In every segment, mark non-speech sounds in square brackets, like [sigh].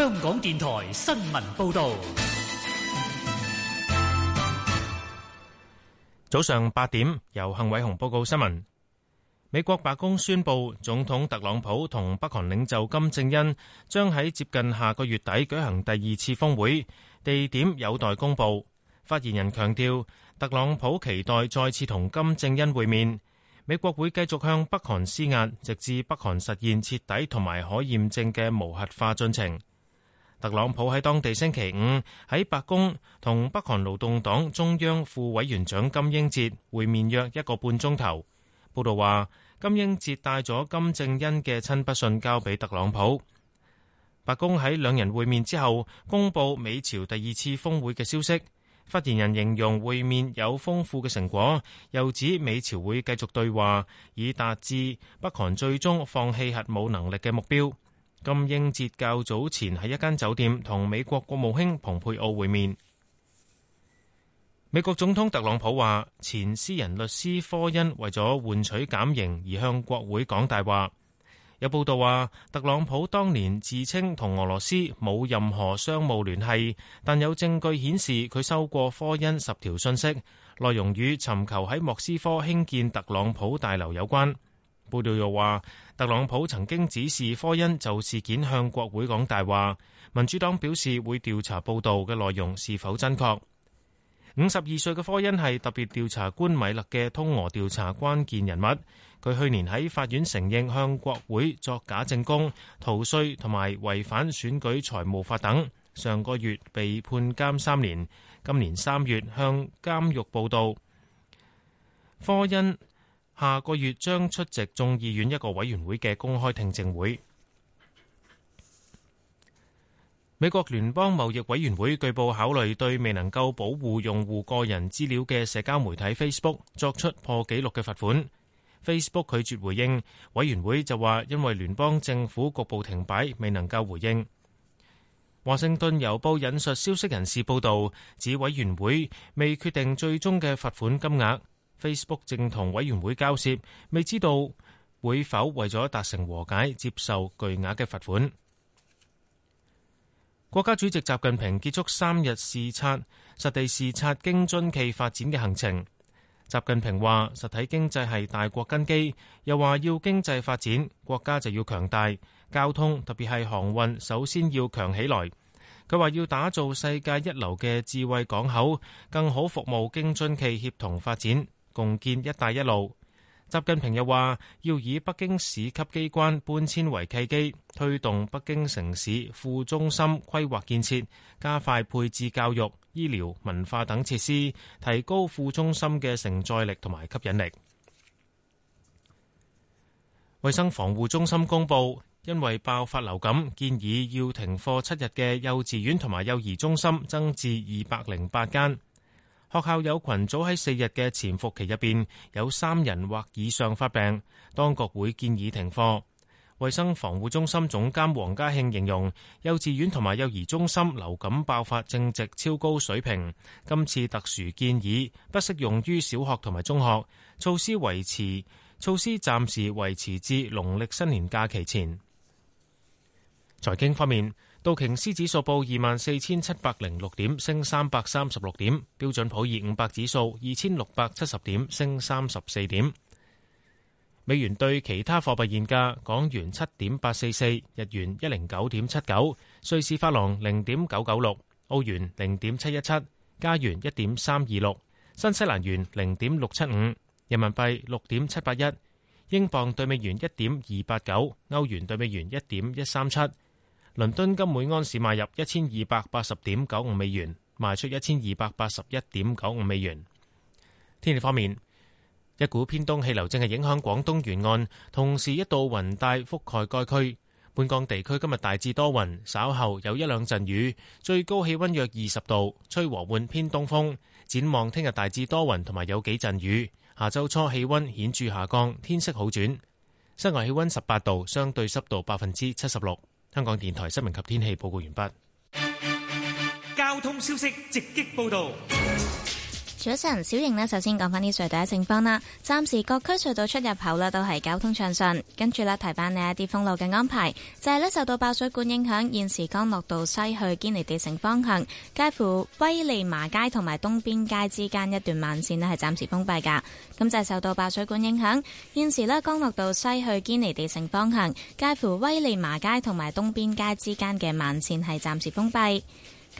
香港電台新聞報道，早上八點由幸偉雄報告新聞。美國白宮宣布，總統特朗普同北韓領袖金正恩將喺接近下個月底舉行第二次峰會，地點有待公布。發言人強調，特朗普期待再次同金正恩會面，美國會繼續向北韓施壓，直至北韓實現徹底同埋可驗證嘅無核化進程。特朗普喺當地星期五喺白宮同北韓勞動黨中央副委員長金英哲會面約一個半鐘頭。報道話，金英哲帶咗金正恩嘅親筆信交俾特朗普。白宮喺兩人會面之後，公布美朝第二次峰會嘅消息。發言人形容會面有豐富嘅成果，又指美朝會繼續對話，以達至北韓最終放棄核武能力嘅目標。金英哲較早前喺一間酒店同美國國務卿蓬佩奧會面。美國總統特朗普話：前私人律師科恩為咗換取減刑而向國會講大話。有報道話，特朗普當年自稱同俄羅斯冇任何商務聯繫，但有證據顯示佢收過科恩十條信息，內容與尋求喺莫斯科興建特朗普大樓有關。報道又話，特朗普曾經指示科恩就事件向國會講大話，民主黨表示會調查報導嘅內容是否真確。五十二歲嘅科恩係特別調查官米勒嘅通俄調查關鍵人物，佢去年喺法院承認向國會作假證供、逃稅同埋違反選舉財務法等，上個月被判監三年，今年三月向監獄報道。科恩。下個月將出席眾議院一個委員會嘅公開聽證會。美國聯邦貿易委員會據報考慮對未能夠保護用戶個人資料嘅社交媒體 Facebook 作出破紀錄嘅罰款。Facebook 拒絕回應，委員會就話因為聯邦政府局部停擺，未能夠回應。華盛頓郵報引述消息人士報導，指委員會未決定最終嘅罰款金額。Facebook 正同委員會交涉，未知道會否為咗達成和解接受巨額嘅罰款。國家主席習近平結束三日視察，實地視察京津冀發展嘅行程。習近平話實體經濟係大國根基，又話要經濟發展，國家就要強大。交通，特別係航運，首先要強起來。佢話要打造世界一流嘅智慧港口，更好服務京津冀協同發展。共建“一帶一路”，習近平又話要以北京市級機關搬遷為契機，推動北京城市副中心規劃建設，加快配置教育、醫療、文化等設施，提高副中心嘅承載力同埋吸引力。衛 [noise] 生防護中心公布，因為爆發流感，建議要停課七日嘅幼稚園同埋幼兒中心增至二百零八間。學校有群組喺四日嘅潛伏期入邊有三人或以上發病，當局會建議停課。衛生防護中心總監黃家慶形容幼稚園同埋幼兒中心流感爆發正值超高水平，今次特殊建議不適用於小學同埋中學，措施維持，措施暫時維持至農曆新年假期前。財經方面。道瓊斯指數報二萬四千七百零六點，升三百三十六點。標準普爾五百指數二千六百七十點，升三十四點。美元對其他貨幣現價：港元七點八四四，日元一零九點七九，瑞士法郎零點九九六，澳元零點七一七，加元一點三二六，新西蘭元零點六七五，人民幣六點七八一，英鎊對美元一點二八九，歐元對美元一點一三七。倫敦金每安士買入一千二百八十點九五美元，賣出一千二百八十一點九五美元。天氣方面，一股偏東氣流正係影響廣東沿岸，同時一道雲帶覆蓋該區。本港地區今日大致多雲，稍後有一兩陣雨，最高氣温約二十度，吹和緩偏東風。展望聽日大致多雲同埋有幾陣雨，下周初氣温顯著下降，天色好轉。室外氣温十八度，相對濕度百分之七十六。香港電台新聞及天氣報告完畢。交通消息直擊報導。早晨，小瑩呢，首先講翻啲隧道情況啦。暫時各區隧道出入口呢，都係交通暢順，跟住呢，提翻你一啲封路嘅安排，就係呢：受到爆水管影響，現時干諾道西去堅尼地城方向，介乎威利麻街同埋東邊街之間一段慢線呢係暫時封閉噶。咁就係受到爆水管影響，現時呢，干諾道西去堅尼地城方向，介乎威利麻街同埋東邊街之間嘅慢線係暫時封閉。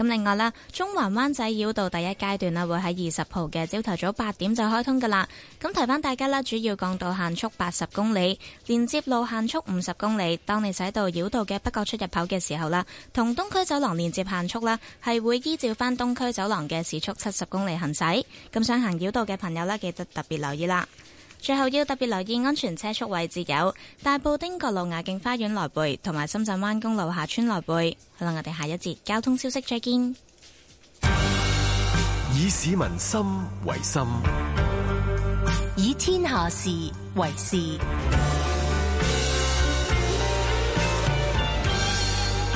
咁另外啦，中環灣仔繞道第一階段啦，會喺二十號嘅朝頭早八點就開通㗎喇。咁提返大家啦，主要降到限速八十公里，連接路限速五十公里。當你駛到繞道嘅北角出入口嘅時候啦，同東區走廊連接限速啦，係會依照返東區走廊嘅時速七十公里行駛。咁想行繞道嘅朋友咧，記得特別留意啦。最後要特別留意安全車速位置，有大埔丁角路雅景花園內背，同埋深圳灣公路下村內背。好啦，我哋下一節交通消息再見。以市民心為心，以天下事為事。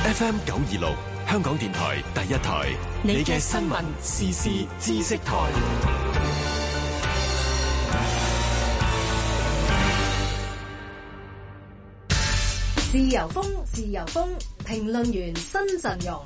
F M 九二六香港電台第一台，你嘅新聞時事知識台。自由風，自由風。評論員：新陣容，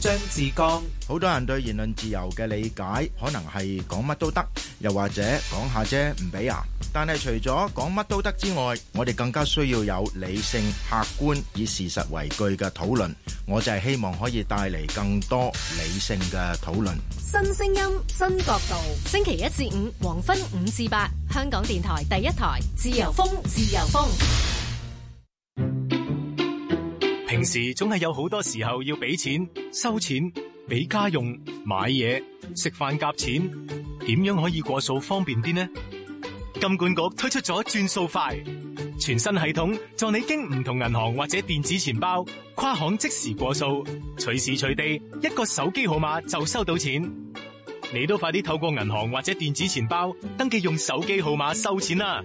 張志剛。好多人對言論自由嘅理解，可能係講乜都得，又或者講下啫唔俾啊。但係除咗講乜都得之外，我哋更加需要有理性、客觀以事實為據嘅討論。我就係希望可以帶嚟更多理性嘅討論。新聲音，新角度。星期一至五，黃昏五至八，香港電台第一台。自由風，自由風。平時總係有好多時候要俾錢、收錢、俾家用、買嘢、食飯夾錢，點樣可以過數方便啲呢？金管局推出咗轉數快，全新系統，助你經唔同銀行或者電子錢包跨行即時過數，隨時隨地一個手機號碼就收到錢。你都快啲透過銀行或者電子錢包登記用手機號碼收錢啦！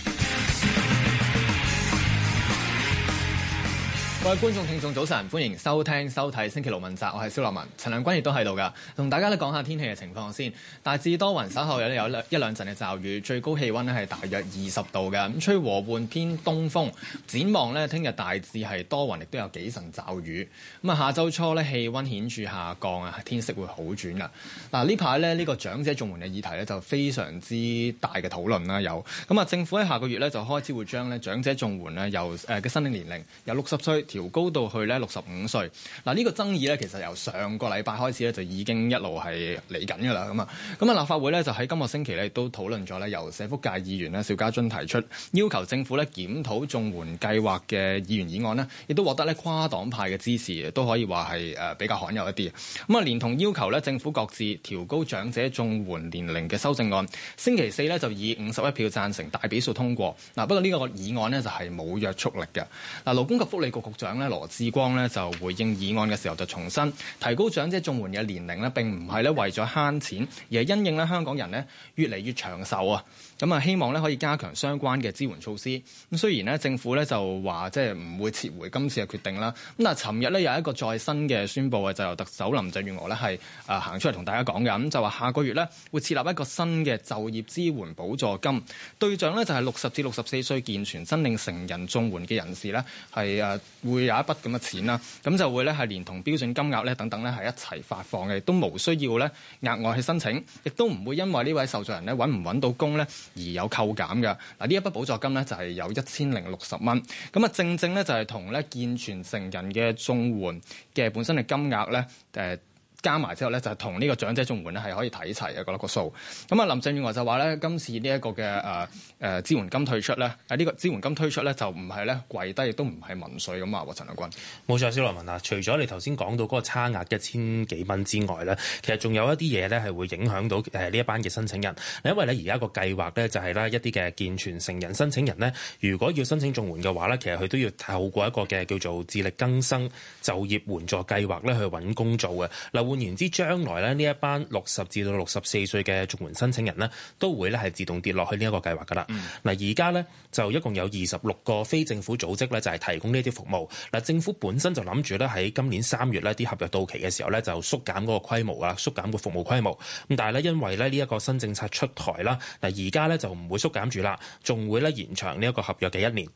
各位觀眾聽眾早晨，歡迎收聽收睇星期六問責，我係蕭樂文，陳亮君亦都喺度噶同大家咧講下天氣嘅情況先。大致多雲，稍後有有一兩陣嘅驟雨，最高氣溫咧係大約二十度嘅，吹和緩偏東風。展望呢聽日大致係多雲，亦都有幾陣驟雨。咁啊，下周初呢，氣溫顯著下降啊，天色會好轉噶。嗱，呢排呢，呢個長者綜援嘅議題呢，就非常之大嘅討論啦，有咁啊，政府喺下個月呢，就開始會將呢長者綜援呢，由誒嘅申領年齡由六十歲。調高到去咧六十五歲，嗱、這、呢個爭議咧其實由上個禮拜開始咧就已經一路係嚟緊㗎啦，咁啊，咁啊立法會咧就喺今個星期咧都討論咗咧由社福界議員呢，邵家臻提出要求政府咧檢討綜援計劃嘅議員議案呢，亦都獲得咧跨黨派嘅支持，都可以話係誒比較罕有一啲。咁啊連同要求咧政府各自調高長者綜援年齡嘅修正案，星期四咧就以五十一票贊成大比數通過。嗱不過呢個議案呢，就係冇約束力嘅。嗱勞工及福利局局長咧，羅志光咧就回應議案嘅時候就重申，提高長者綜援嘅年齡咧，並唔係咧為咗慳錢，而係因應咧香港人咧越嚟越長壽啊。咁啊，希望咧可以加強相關嘅支援措施。咁雖然咧，政府咧就話即係唔會撤回今次嘅決定啦。咁但係，尋日咧有一個再新嘅宣佈嘅，就由特首林鄭月娥咧係誒行出嚟同大家講嘅。咁就話下個月咧會設立一個新嘅就業支援補助金，對象咧就係六十至六十四歲健全、申領成人綜援嘅人士咧，係誒會有一筆咁嘅錢啦。咁就會咧係連同標準金額咧等等咧係一齊發放嘅，都冇需要咧額外去申請，亦都唔會因為呢位受助人咧揾唔揾到工咧。而有扣減嘅嗱，呢一筆補助金咧就係有一千零六十蚊，咁啊正正咧就係同咧健全成人嘅綜援嘅本身嘅金額咧誒。呃加埋之後咧，就係同呢個長者綜援咧係可以睇齊嘅，覺得個數。咁啊，林鄭月娥就話咧，今次呢一個嘅誒誒支援金退出咧，誒呢個支援金退出咧就唔係咧跪低，亦都唔係民粹咁啊。陳立軍。冇錯，小羅文啊，除咗你頭先講到嗰個差額一千幾蚊之外咧，其實仲有一啲嘢咧係會影響到誒呢一班嘅申請人。因為咧而家個計劃咧就係咧一啲嘅健全成人申請人咧，如果要申請綜援嘅話咧，其實佢都要透過一個嘅叫做自力更生就業援助計劃咧去揾工做嘅。嗱。換言之，將來咧呢一班六十至到六十四歲嘅綜援申請人呢，都會咧係自動跌落去呢一個計劃噶啦。嗱、嗯，而家呢就一共有二十六個非政府組織咧，就係提供呢啲服務嗱。政府本身就諗住咧喺今年三月呢啲合約到期嘅時候咧，就縮減嗰個規模啊，縮減個服務規模咁。但係咧，因為咧呢一個新政策出台啦，嗱，而家咧就唔會縮減住啦，仲會咧延長呢一個合約嘅一年。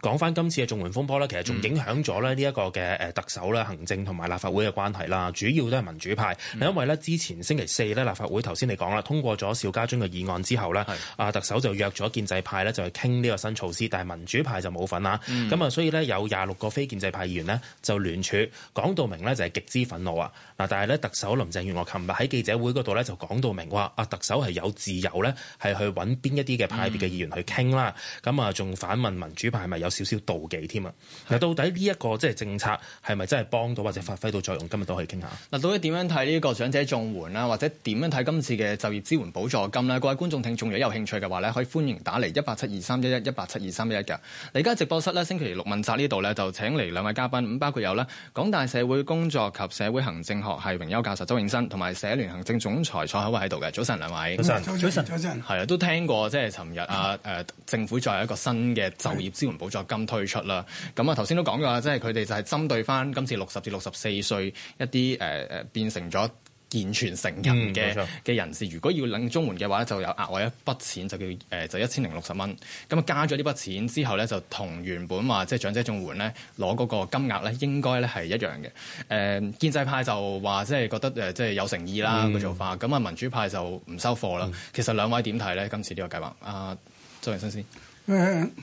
講翻今次嘅綜援風波呢，其實仲影響咗咧呢一個嘅誒特首咧行政同埋立法會嘅關係啦，主要都係民主派。嗯、因為呢之前星期四呢，立法會頭先你講啦，通過咗邵家臻嘅議案之後呢，啊是特首就約咗建制派呢，就去傾呢個新措施，但係民主派就冇份啦。咁啊、嗯，所以呢，有廿六個非建制派議員呢，就聯署講到明呢，就係極之憤怒啊！嗱，但係呢，特首林鄭月娥琴日喺記者會嗰度呢，就講到明話啊，特首係有自由呢，係去揾邊一啲嘅派別嘅議員去傾啦，咁啊仲反問民主派係咪有？有少少妒忌添啊！嗱，到底呢一個即係政策係咪真係幫到或者發揮到作用？今日都可以傾下。嗱，到底點樣睇呢個長者綜援啊，或者點樣睇今次嘅就業支援補助金呢？各位觀眾聽眾如果有興趣嘅話咧，可以歡迎打嚟一八七二三一一一八七二三一一嘅。而家直播室咧，星期六問責呢度咧，就請嚟兩位嘉賓，咁包括有咧港大社會工作及社會行政學系榮休教授周永新，同埋社聯行政總裁蔡海偉喺度嘅。早晨，兩位。早晨，早晨，早晨，係啊，都聽過即係尋日啊，誒、呃、政府再有一個新嘅就業支援補助。是咁退出啦，咁啊、嗯，頭先都講過啦，即係佢哋就係針對翻今次六十至六十四歲一啲誒誒變成咗健全成人嘅嘅人士，如果要領綜援嘅話咧，就有額外一筆錢，就叫誒、呃、就一千零六十蚊。咁啊，加咗呢筆錢之後咧，就同原本話即係長者綜援咧攞嗰個金額咧，應該咧係一樣嘅。誒、呃、建制派就話即係覺得誒、呃、即係有誠意啦、嗯、個做法，咁啊民主派就唔收貨啦。嗯、其實兩位點睇咧？今次呢個計劃，阿、呃、周永新先。 [laughs]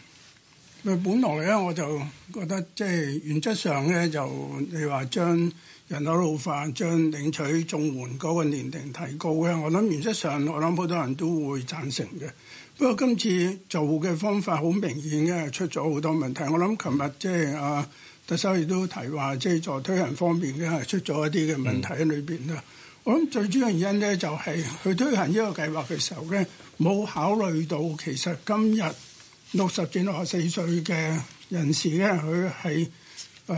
誒，本來咧我就覺得，即係原則上咧就你話將人口老化、將領取綜援嗰個年齡提高咧，我諗原則上我諗好多人都會贊成嘅。不過今次做嘅方法好明顯咧，出咗好多問題。我諗琴日即係啊，特首亦都提話，即係在推行方面咧係出咗一啲嘅問題喺裏邊啦。嗯、我諗最主要原因咧就係佢推行呢個計劃嘅時候咧，冇考慮到其實今日，六十至六十四歲嘅人士咧，佢係誒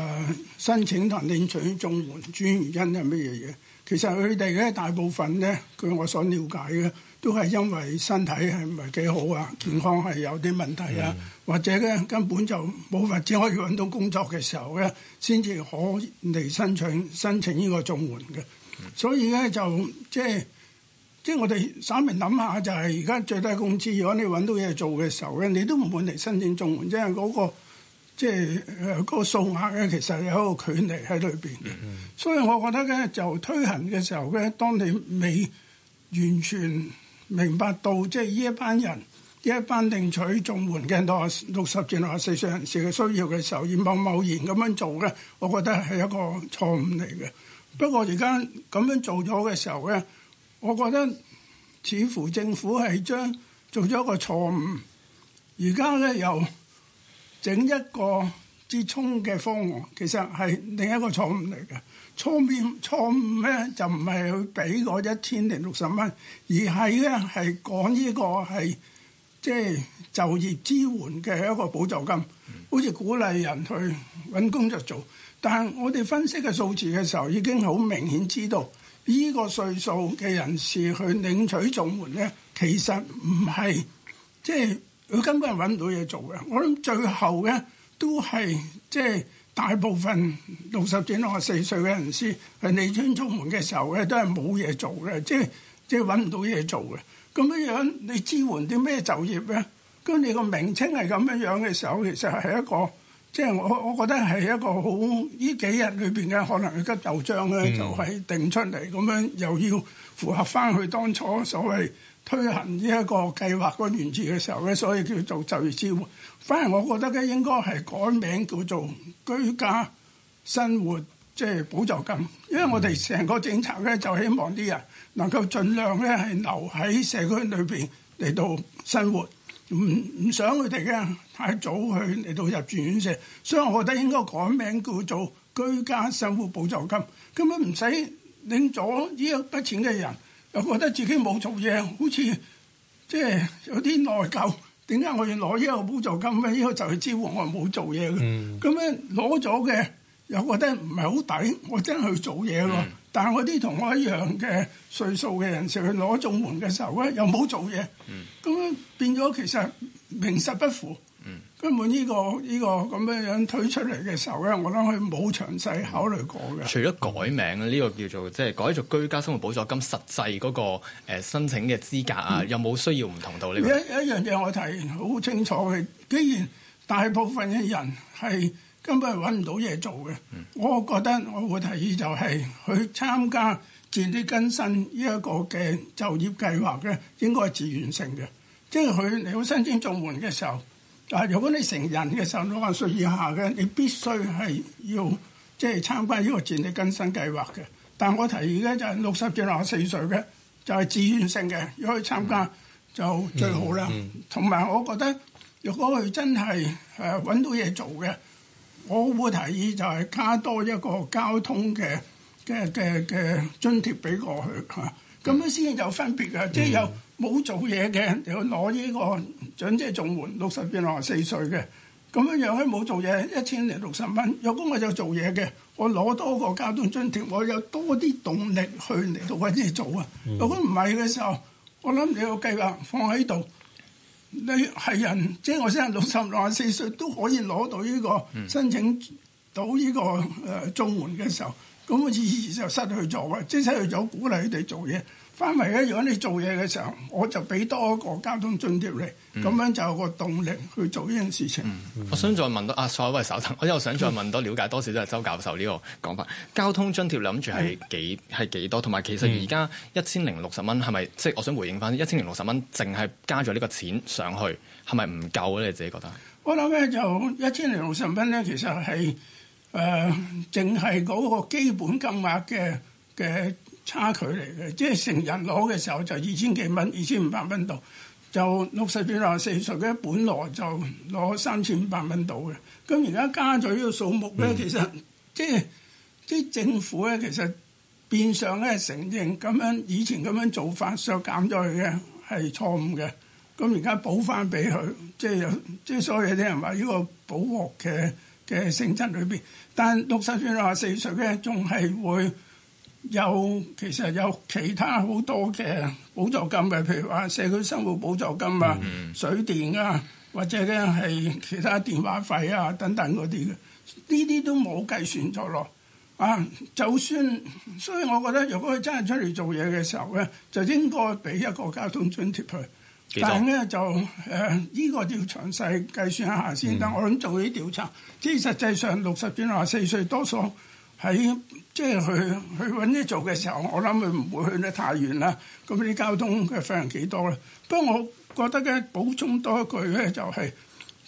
申請同領取綜援，主要原因係乜嘢嘢？其實佢哋咧大部分咧，據我所了解嘅，都係因為身體係唔係幾好啊，健康係有啲問題啊，Mm hmm. 或者咧根本就冇法子可以揾到工作嘅時候咧，先至可嚟申請申請呢個綜援嘅。Mm hmm. 所以咧就即係。即係我哋稍微諗下，就係而家最低工資，如果你揾到嘢做嘅時候咧，你都唔會嚟申請綜援，即係嗰個即係嗰個數額咧，其實有一個距離喺裏邊。 [laughs] 所以我覺得咧，就推行嘅時候咧，當你未完全明白到即係呢一班人、呢一班領取綜援嘅六十、六十至六十四歲人士嘅需要嘅時候，而貿貿然咁樣做咧，我覺得係一個錯誤嚟嘅。不過而家咁樣做咗嘅時候咧。我覺得似乎政府係將做咗一個錯誤，而家咧又整一個折衷嘅方案，其實係另一個錯誤嚟嘅。初面錯誤咧就唔係去俾個一千零六十蚊，而係咧係講呢個係即係就業支援嘅一個補助金，好似鼓勵人去揾工作做。但係我哋分析嘅數字嘅時候，已經好明顯知道。呢個歲數嘅人士去領取綜援咧，其實唔係即係佢根本係揾唔到嘢做嘅。我諗最後咧都係即係大部分六十至六十四歲嘅人士係領取綜援嘅時候咧，都係冇嘢做嘅，即係即係揾唔到嘢做嘅。咁樣樣你支援啲咩就業咧？咁你個名稱係咁樣樣嘅時候，其實係一個。即係我我覺得係一個好呢幾日裏邊嘅，可能佢急就章咧就係、嗯、定出嚟咁樣，又要符合返佢當初所謂推行呢一個計劃嗰個原始嘅時候咧，所以叫做就業支援。反而我覺得咧，應該係改名叫做居家生活即係補助金，因為我哋成個政策咧，就希望啲人能夠盡量咧係留喺社區裏邊嚟到生活，唔唔想佢哋嘅。太早去嚟到入住院舍，所以我覺得應該改名叫做居家生活補助金。咁樣唔使領咗呢筆錢嘅人又覺得自己冇做嘢，好似即係有啲內疚。點解我要攞呢個補助金？呢個就係支援，我冇做嘢嘅。咁樣攞咗嘅又覺得唔係好抵。我真係去做嘢咯。嗯、但係我啲同我一樣嘅歲數嘅人士去攞綜援嘅時候咧，又冇做嘢。咁、嗯、樣變咗其實名實不符。根本呢、這個呢、這個咁樣樣推出嚟嘅時候咧，我覺得佢冇詳細考慮過嘅、嗯。除咗改名呢、這個叫做即係改做居家生活補助金，實際嗰個申請嘅資格啊，嗯、有冇需要唔同道理？一一樣嘢我睇好清楚嘅，既然大部分嘅人係根本係揾唔到嘢做嘅，嗯、我覺得我會提議就係、是、去參加自力更新呢一個嘅就業計劃咧，應該自願性嘅，即係佢你好申請綜援嘅時候。但係如果你成人嘅時候六十歲以下嘅，你必須係要即係參加呢個自力更新計劃嘅。但我提議咧就係六十至六十四歲嘅就係、是、自願性嘅，要去參加、嗯、就最好啦。同埋、嗯嗯、我覺得，如果佢真係誒揾到嘢做嘅，我會提議就係加多一個交通嘅嘅嘅嘅津貼俾過去嚇，咁、啊、樣先有分別嘅，嗯、即係有。冇做嘢嘅，你要攞呢個獎即係綜援，六十變六十四歲嘅，咁樣樣佢冇做嘢，一千零六十蚊。若果我有做嘢嘅，我攞多個交通津貼，我有多啲動力去嚟到揾嘢做啊。嗯、如果唔係嘅時候，我諗你個計劃放喺度，你係人，即係我先係六十六啊四歲都可以攞到呢個申請到呢個誒綜援嘅時候，咁個意義就失去咗啊，即係失去咗鼓勵佢哋做嘢。翻嚟咧，如果你做嘢嘅時候，我就俾多一個交通津貼你，咁、嗯、樣就有個動力去做呢件事情、嗯嗯我啊。我想再問到阿所謂稍等，我又想再問多了解多少，都係周教授呢個講法。交通津貼諗住係幾係幾是多？同埋其實而家一千零六十蚊，係咪即係我想回應翻？一千零六十蚊，淨係加咗呢個錢上去，係咪唔夠咧？你自己覺得？我諗咧，就一千零六十蚊咧，其實係誒，淨係嗰個基本金額嘅嘅。差距嚟嘅，即係成人攞嘅時候就二千幾蚊，二千五百蚊度，就六十至六十四歲咧，本來就攞三千五百蚊度嘅。咁而家加咗呢個數目咧，其實即係即係政府咧，其實變相咧承認咁樣以前咁樣做法削減咗佢嘅係錯誤嘅。咁而家補翻俾佢，即係即係所以有啲人話呢個補鑊嘅嘅性質裏邊，但六十至六十四歲咧仲係會。有其實有其他好多嘅補助金嘅，譬如話社區生活補助金啊、mm hmm. 水電啊，或者咧係其他電話費啊等等嗰啲嘅，呢啲都冇計算咗咯。啊，就算所以，我覺得如果佢真係出嚟做嘢嘅時候咧，就應該俾一個交通津貼佢。其實 幾多？但咧就誒，依、呃呢個要詳細計算一下先得。Mm hmm. 我諗做啲調查，即實際上六十至六十四歲多數。喺即係去去揾嘢做嘅時候，我諗佢唔會去得太遠啦。咁、那、啲、個、交通嘅費用幾多咧？不過我覺得咧，補充多一句咧、就是，就係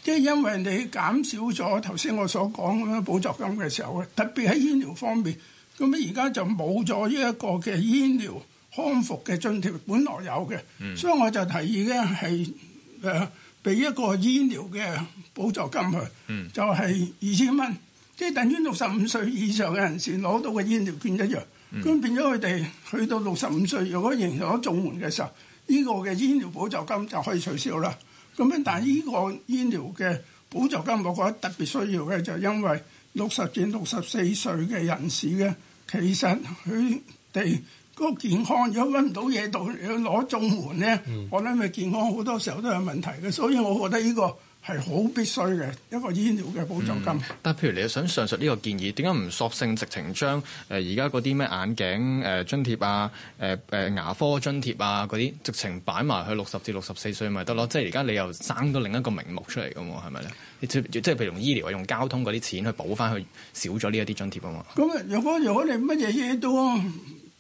即係因為你減少咗頭先我所講嘅補助金嘅時候咧，特別喺醫療方面，咁樣而家就冇咗呢一個嘅醫療康復嘅津貼，本來有嘅。所以我就提議咧係誒俾一個醫療嘅補助金佢，mm. 就係二千蚊。即係等於六十五歲以上嘅人士攞到嘅醫療券一樣，咁、嗯、變咗佢哋去到六十五歲，如果仍然攞綜援嘅時候，呢、這個嘅醫療補助金就可以取消啦。咁樣，但係呢個醫療嘅補助金，我覺得特別需要嘅就係、是、因為六十至六十四歲嘅人士嘅，其實佢哋嗰個健康如果搵唔到嘢做，要攞綜援咧，嗯、我諗咪健康好多時候都有問題嘅，所以我覺得呢、這個。係好必須嘅一個醫療嘅補助金。嗯、但譬如你想上述呢個建議，點解唔索性直情將誒而家嗰啲咩眼鏡誒、呃、津貼啊、誒、呃、誒牙科津貼啊嗰啲，直情擺埋去六十至六十四歲咪得咯？即係而家你又生多另一個名目出嚟嘅喎，係咪咧？即係譬如用醫療啊、用交通嗰啲錢去補翻去少咗呢一啲津貼啊嘛。咁若果如果你乜嘢嘢都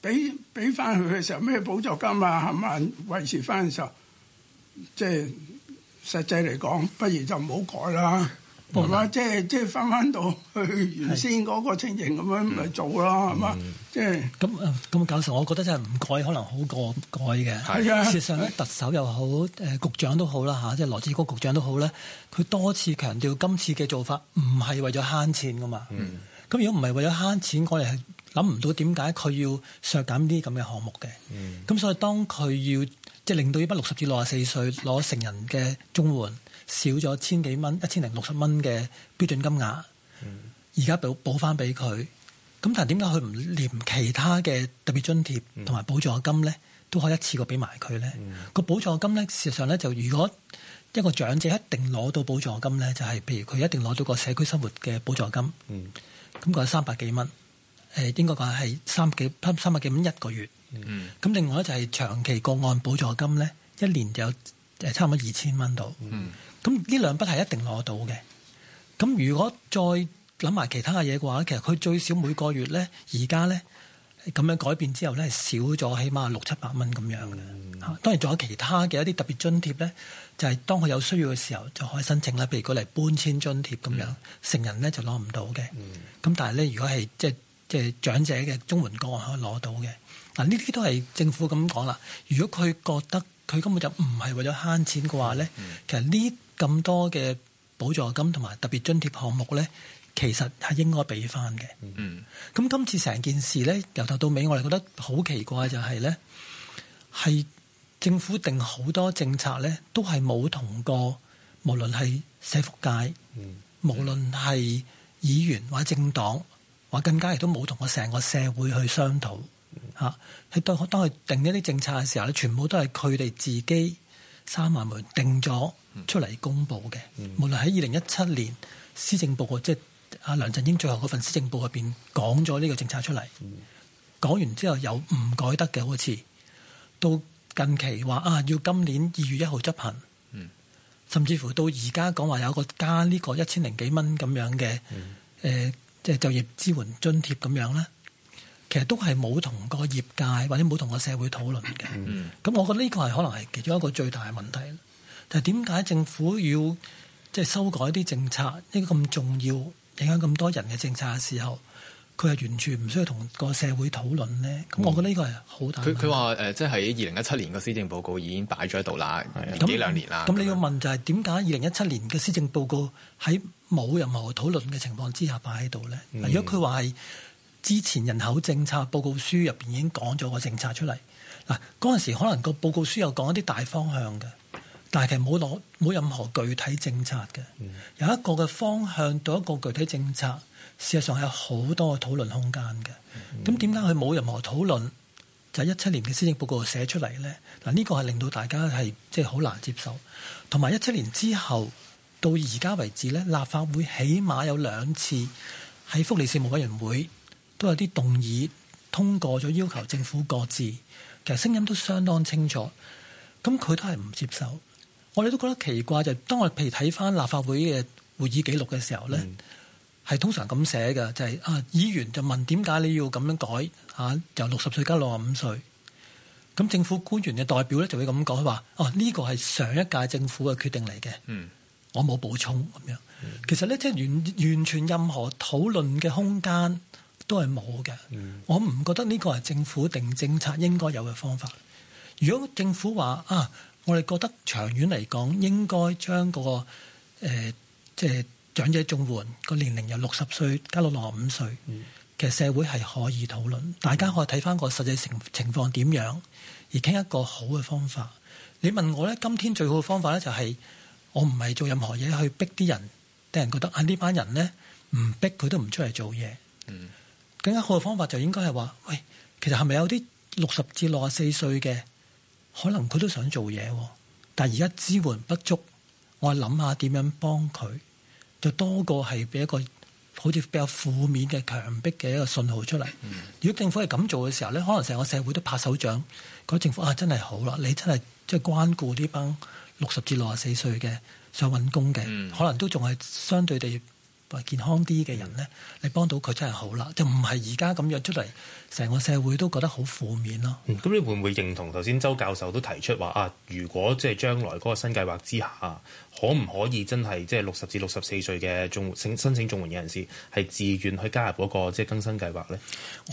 俾俾翻佢嘅時候，咩補助金啊，係咪維持翻嘅時候，即係？實際嚟講，不如就唔好改啦，係、嗯、吧即係即係翻翻到去原先嗰個情形咁樣咪、嗯、做啦，係嘛、嗯？即係咁啊！咁教授，我覺得真係唔改可能好過改嘅。係啊，事實上，特首又好，誒局長都好啦嚇，即係羅致光局長都好咧。佢多次強調，今次嘅做法唔係為咗慳錢噶嘛。咁、嗯、如果唔係為咗慳錢，我哋係諗唔到點解佢要削減啲咁嘅項目嘅。咁所以當佢要即係令到呢筆六十至六十四歲攞成人嘅綜援少咗千幾蚊，一千零六十蚊嘅標準金額，而家、嗯、補補翻俾佢。咁但係點解佢唔連其他嘅特別津貼同埋補助金咧，都可以一次過俾埋佢咧？個、嗯、補助金咧，事實上咧就如果一個長者一定攞到補助金咧，就係、是、譬如佢一定攞到個社區生活嘅補助金，咁佢有三百幾蚊，誒應該講係三百三百幾蚊一個月。嗯，咁另外咧就係長期個案補助金咧，一年就有差唔多二千蚊度。嗯，咁呢兩筆係一定攞到嘅。咁如果再諗埋其他嘅嘢嘅話，其實佢最少每個月咧，而家咧咁樣改變之後咧，係少咗起碼六七百蚊咁樣嘅。嚇、嗯，當然仲有其他嘅一啲特別津貼咧，就係、是、當佢有需要嘅時候就可以申請啦。譬如講嚟搬遷津貼咁樣，嗯、成人咧就攞唔到嘅。咁、嗯、但係咧，如果係即係即係長者嘅綜援個案可以攞到嘅。嗱，呢啲、啊、都係政府咁講啦。如果佢覺得佢根本就唔係為咗慳錢嘅話咧，嗯、其實呢咁多嘅補助金同埋特別津貼項目咧，其實係應該俾翻嘅。嗯，咁今次成件事咧，由頭到尾我哋覺得好奇怪就係咧，係政府定好多政策咧，都係冇同過，無論係社福界，無論係、嗯、議員或者政黨，或更加亦都冇同過成個社會去商討。吓，喺、嗯、當當佢定一啲政策嘅時候咧，全部都係佢哋自己三萬門定咗出嚟公布嘅。嗯、無論喺二零一七年施政報告，即係阿梁振英最後嗰份施政報告入邊講咗呢個政策出嚟。講、嗯、完之後又唔改得嘅，好似到近期話啊要今年二月一號執行，嗯、甚至乎到而家講話有個加呢個一千零幾蚊咁樣嘅誒，即係、嗯呃就是、就業支援津貼咁樣咧。其實都係冇同個業界或者冇同個社會討論嘅。咁、嗯、我覺得呢個係可能係其中一個最大嘅問題。就係點解政府要即係、就係、修改啲政策，一個咁重要、影響咁多人嘅政策嘅時候，佢係完全唔需要同個社會討論呢？咁、嗯、我覺得呢個係好大問題。佢佢話即係喺二零一七年個施政報告已經擺咗喺度啦，年、嗯、幾兩年啦。咁你要問就係點解二零一七年嘅施政報告喺冇任何討論嘅情況之下擺喺度呢？嗯、如果佢話係。之前人口政策報告書入邊已經講咗個政策出嚟嗱。嗰陣時可能個報告書又講一啲大方向嘅，但係其實冇攞冇任何具體政策嘅，有、嗯、一個嘅方向到一個具體政策，事實上係有好多嘅討論空間嘅。咁點解佢冇任何討論，就係一七年嘅施政報告寫出嚟咧？嗱，呢個係令到大家係即係好難接受，同埋一七年之後到而家為止咧，立法會起碼有兩次喺福利事務委員會，都有啲動議通過咗，要求政府各自。其實聲音都相當清楚。咁佢都係唔接受，我哋都覺得奇怪。就係、當我哋譬如睇翻立法會嘅會議記錄嘅時候咧，係、嗯、通常咁寫嘅，就係、是、啊，議員就問點解你要咁樣改嚇？由六十歲加六十五歲，咁政府官員嘅代表咧就會咁講話：哦、啊，呢個係上一屆政府嘅決定嚟嘅。嗯，我冇補充咁樣。其實咧，即、就、係、是、完完全任何討論嘅空間。都係冇嘅，mm. 我唔覺得呢個係政府定政策應該有嘅方法。如果政府話啊，我哋覺得長遠嚟講應該將、嗰個誒即係長者綜援個年齡由六十歲加到六十五歲，其實社會係可以討論。Mm. 大家可以睇翻個實際情情況點樣，而傾一個好嘅方法。你問我呢，今天最好嘅方法呢就係我唔係做任何嘢去逼啲人，啲人覺得啊呢班人呢唔逼佢都唔出嚟做嘢。Mm. 更加好嘅方法就應該係話，喂，其實係咪有啲六十至六十四歲嘅，可能佢都想做嘢，但係而家支援不足，我諗下點樣幫佢，就多過係俾一個好似比較負面嘅強迫嘅一個信號出嚟。嗯、如果政府係咁做嘅時候咧，可能成個社會都拍手掌，講政府啊真係好啦，你真係即係關顧呢班六十至六十四歲嘅想揾工嘅，嗯、可能都仲係相對地。健康啲嘅人咧，你幫到佢真係好啦，就唔係而家咁樣出嚟，成個社會都覺得好負面咯。嗯，咁你會唔會認同頭先周教授都提出話啊，如果即係將來嗰個新計劃之下，可唔可以真係即係六十至六十四歲嘅綜申請綜援嘅人士，係自願去加入嗰個即係更新計劃咧？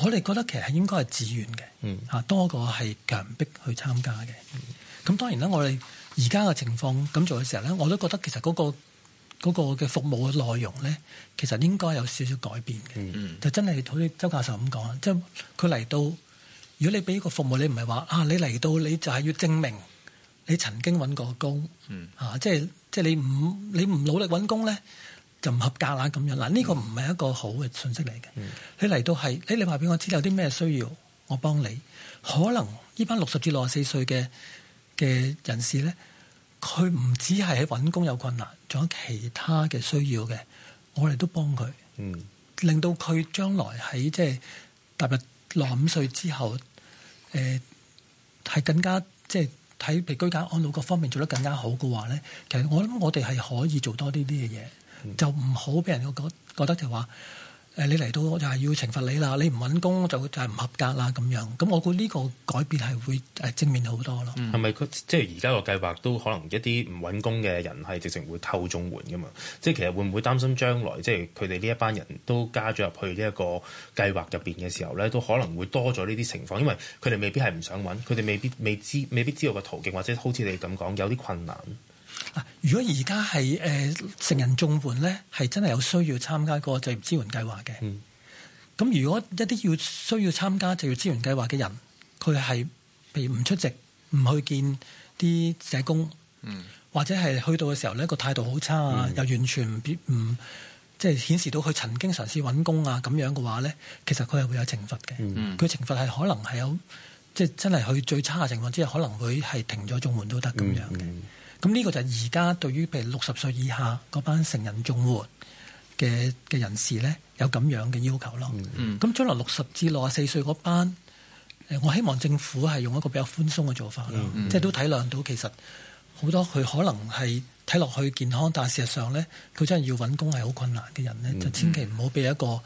我哋覺得其實應該係自願嘅，嗯，嚇多過係強逼去參加嘅。咁、嗯、當然啦，我哋而家嘅情況咁做嘅時候咧，我都覺得其實嗰、嗰個，嗰個嘅服務嘅內容咧，其實應該有少少改變嘅。Mm hmm. 就真係好似周教授咁講，即係佢嚟到，如果你俾個服務，你唔係話啊，你嚟到你就係要證明你曾經揾過工，嚇、mm hmm. 啊，即係即係你唔你唔努力揾工咧，就唔合格啦咁樣。嗱、這、呢個唔係一個好嘅信息嚟嘅、mm hmm.。你嚟到係，你你話俾我知有啲咩需要，我幫你。可能呢班六十至六十四歲嘅嘅人士咧。佢唔止係喺揾工有困難，仲有其他嘅需要嘅，我哋都幫佢，嗯、令到佢將來喺即係踏入六五歲之後，誒、呃、係更加即係喺被居家安老各方面做得更加好嘅話咧，其實我諗我哋係可以做多啲啲嘅嘢，嗯、就唔好俾人哋覺覺得就話。誒你嚟到就係要懲罰你啦，你唔揾工就就係唔合格啦咁樣。咁我估呢個改變係會誒正面好多咯。係咪？即係而家個計劃都可能一啲唔揾工嘅人係直情會偷綜援嘅嘛。即係其實會唔會擔心將來，即係佢哋呢一班人都加咗入去呢一個計劃入邊嘅時候咧，都可能會多咗呢啲情況，因為佢哋未必係唔想揾，佢哋未必未知未必知道個途徑，或者好似你咁講，有啲困難。嗱，如果而家係誒成人綜援咧，係真係有需要參加個就業支援計劃嘅。咁、嗯、如果一啲要需要參加就業支援計劃嘅人，佢係譬如唔出席、唔去見啲社工，嗯、或者係去到嘅時候咧，個態度好差，嗯、又完全唔即係顯示到佢曾經嘗試揾工啊咁樣嘅話咧，其實佢係會有懲罰嘅。佢、嗯、懲罰係可能係有即係、就是、真係去最差嘅情況之下，可能會係停咗綜援都得咁樣嘅。嗯嗯。咁呢個就係而家對於譬如六十歲以下嗰班成人綜援嘅嘅人士呢，有咁樣嘅要求咯。咁將、嗯嗯、來六十至六十四歲嗰班，我希望政府係用一個比較寬鬆嘅做法，嗯嗯、即係都體諒到其實好多佢可能係睇落去健康，但事實上呢，佢真係要揾工係好困難嘅人呢，嗯、就千祈唔好俾一個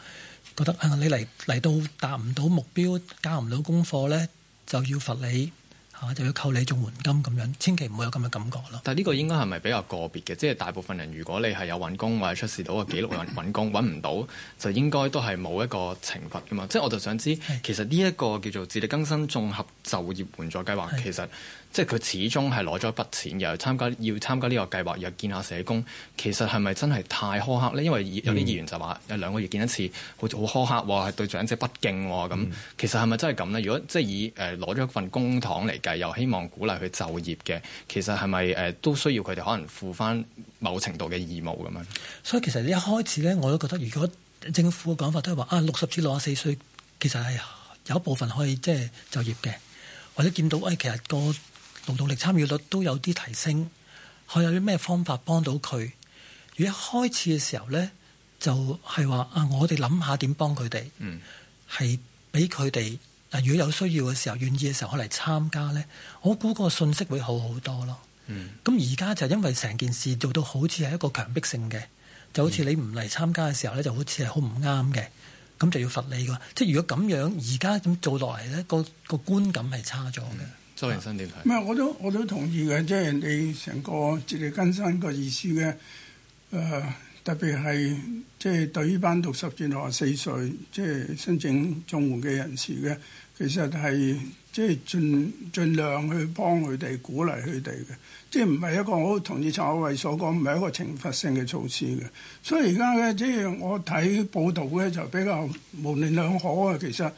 覺得啊、嗯，你嚟嚟到達唔到目標，搞唔到功課呢，就要罰你。啊！就要扣你做援金咁樣，千祈唔好有咁嘅感覺咯。但係呢個應該係咪比較個別嘅？即係大部分人，如果你係有揾工或者出示到嘅記錄揾工揾唔到，就應該都係冇一個懲罰㗎嘛。即係我就想知，是其實呢一個叫做自力更生綜合就業援助計劃是其實。即係佢始終係攞咗一筆錢，又參加要參加呢個計劃，又見下社工，其實係咪真係太苛刻咧？因為有啲議員就話有兩個月見一次，好似好苛刻，係對長者不敬咁。其實係咪真係咁咧？如果即係以誒攞咗一份公帑嚟計，又希望鼓勵佢就業嘅，其實係咪誒都需要佢哋可能付翻某程度嘅義務咁樣？所以其實你一開始咧，我都覺得如果政府嘅講法都係話啊，六十至六十四歲其實係有一部分可以即係、就是、就業嘅，或者見到誒其實個。勞動力參與率都有啲提升，佢有啲咩方法幫到佢？如果一開始嘅時候呢，就係話啊，我哋諗下點幫佢哋，係俾佢哋啊，如果有需要嘅時候、願意嘅時候，可嚟參加呢，我估個信息會好好多咯。咁而家就因為成件事做到好似係一個強迫性嘅，就好似你唔嚟參加嘅時候呢，就好似係好唔啱嘅，咁就要罰你㗎。即係如果咁樣，而家咁做落嚟呢，個個觀感係差咗嘅。嗯。周永新點睇？嗯、我都我都同意嘅，即、就、係、是、你成個自力更生個意思嘅。誒、呃，特別係即係對於班六十至六十四歲，即係、就是、申請綜援嘅人士嘅，其實係即係盡盡量去幫佢哋、鼓勵佢哋嘅。即係唔係一個我同意蔡海偉所講，唔係一個懲罰性嘅措施嘅。所以而家咧，即、就、係、是、我睇報道咧，就比較模棱兩可啊。其實。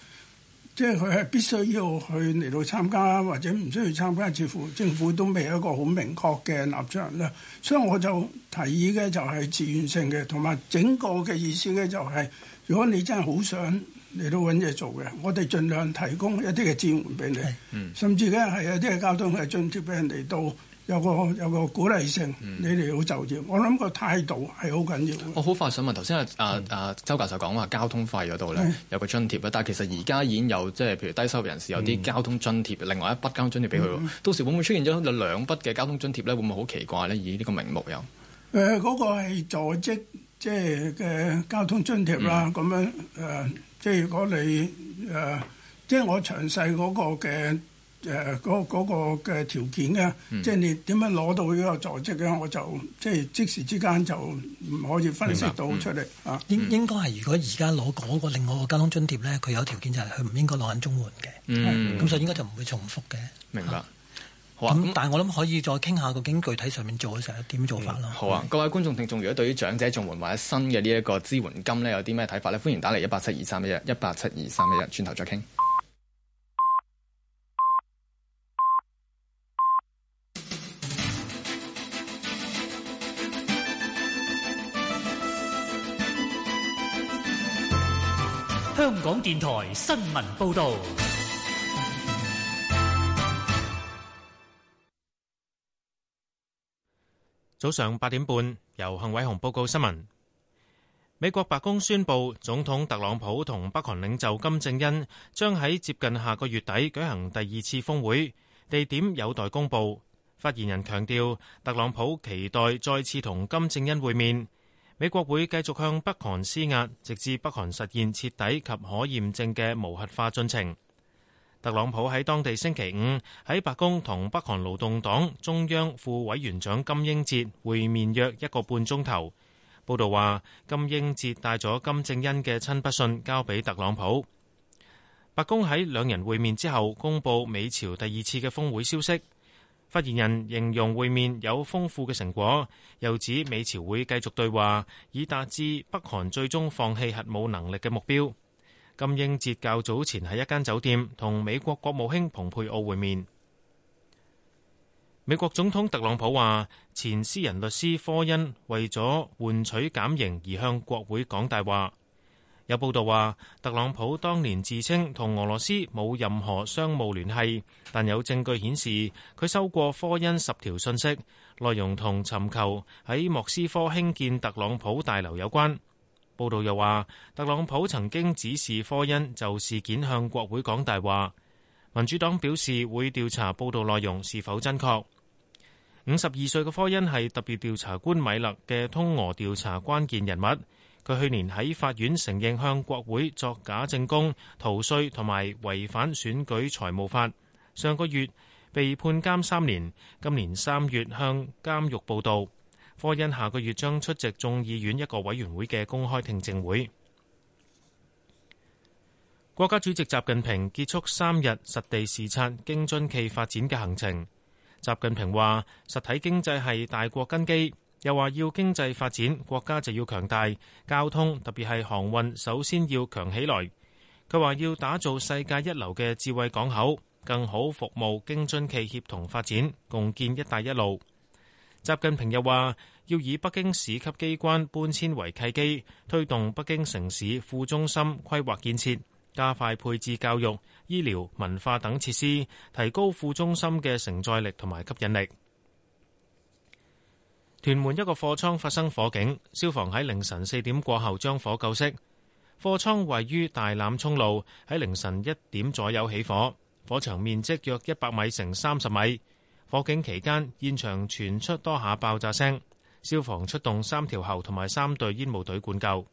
即係佢係必須要去嚟到參加，或者唔需要參加，似乎政府都未有一個好明確嘅立場啦。所以我就提議咧，就係自願性嘅，同埋整個嘅意思咧、就是，就係如果你真係好想嚟到揾嘢做嘅，我哋盡量提供一啲嘅支援俾你，嗯、甚至咧係有啲嘅交通嘅津貼俾人哋到。有個有個鼓勵性，你哋好就業，我諗個態度係好緊要。我好快想問頭先啊啊周教授講話交通費嗰度咧有個津貼啦，但係其實而家已經有即係譬如低收入人士有啲交通津貼，另外一筆交通津貼俾佢。到時會唔會出現咗兩筆嘅交通津貼咧？會唔會好奇怪咧？以呢個名目有？誒嗰個係在職即係嘅交通津貼啦，咁樣誒，即係如果你誒，即係我詳細嗰個嘅。誒嗰個嘅條件咧，即係你點樣攞到呢個在職咧，我就即係即時之間就唔可以分析到出嚟啊。應應該係如果而家攞嗰個另外個交通津貼咧，佢有條件就係佢唔應該攞緊綜援嘅，咁所以應該就唔會重複嘅。明白好啊，咁但係我諗可以再傾下個經具體上面做嘅時候點做法咯。好啊，各位觀眾聽眾，如果對於長者綜援或者新嘅呢一個支援金咧，有啲咩睇法咧，歡迎打嚟一八七二三一一八七二三一一轉頭再傾。香港電台新聞報道：早上八點半，由幸偉雄報告新聞。美國白宮宣布，總統特朗普同北韓領袖金正恩將喺接近下個月底舉行第二次峰會，地點有待公布。發言人強調，特朗普期待再次同金正恩會面。美國會繼續向北韓施壓，直至北韓實現徹底及可驗證嘅無核化進程。特朗普喺當地星期五喺白宮同北韓勞動黨中央副委員長金英哲會面約一個半鐘頭。報道話，金英哲帶咗金正恩嘅親筆信交俾特朗普。白宮喺兩人會面之後，公布美朝第二次嘅峰會消息。發言人形容會面有豐富嘅成果，又指美朝會繼續對話，以達至北韓最終放棄核武能力嘅目標。金英哲較早前喺一間酒店同美國國務卿蓬佩奧會面。美國總統特朗普話，前私人律師科恩為咗換取減刑而向國會講大話。有報道話，特朗普當年自稱同俄羅斯冇任何商務聯繫，但有證據顯示佢收過科恩十條信息，內容同尋求喺莫斯科興建特朗普大樓有關。報道又話，特朗普曾經指示科恩就事件向國會講大話。民主黨表示會調查報道內容是否真確。五十二歲嘅科恩係特別調查官米勒嘅通俄調查關鍵人物。佢去年喺法院承認向國會作假證供、逃稅同埋違反選舉財務法，上個月被判監三年，今年三月向監獄報到。科恩下個月將出席眾議院一個委員會嘅公開聽證會。國家主席習近平結束三日實地視察京津冀發展嘅行程。習近平話：實體經濟係大國根基。又話要經濟發展，國家就要強大；交通特別係航運，首先要強起來。佢話要打造世界一流嘅智慧港口，更好服務京津冀協同發展，共建一帶一路。習近平又話要以北京市級機關搬遷為契機，推動北京城市副中心規劃建設，加快配置教育、醫療、文化等設施，提高副中心嘅承載力同埋吸引力。屯門一個貨倉發生火警，消防喺凌晨四點過後將火救熄。貨倉位於大欖涌路，喺凌晨一點左右起火，火場面積約一百米乘三十米。火警期間，現場傳出多下爆炸聲。消防出動三條喉同埋三隊煙霧隊灌救。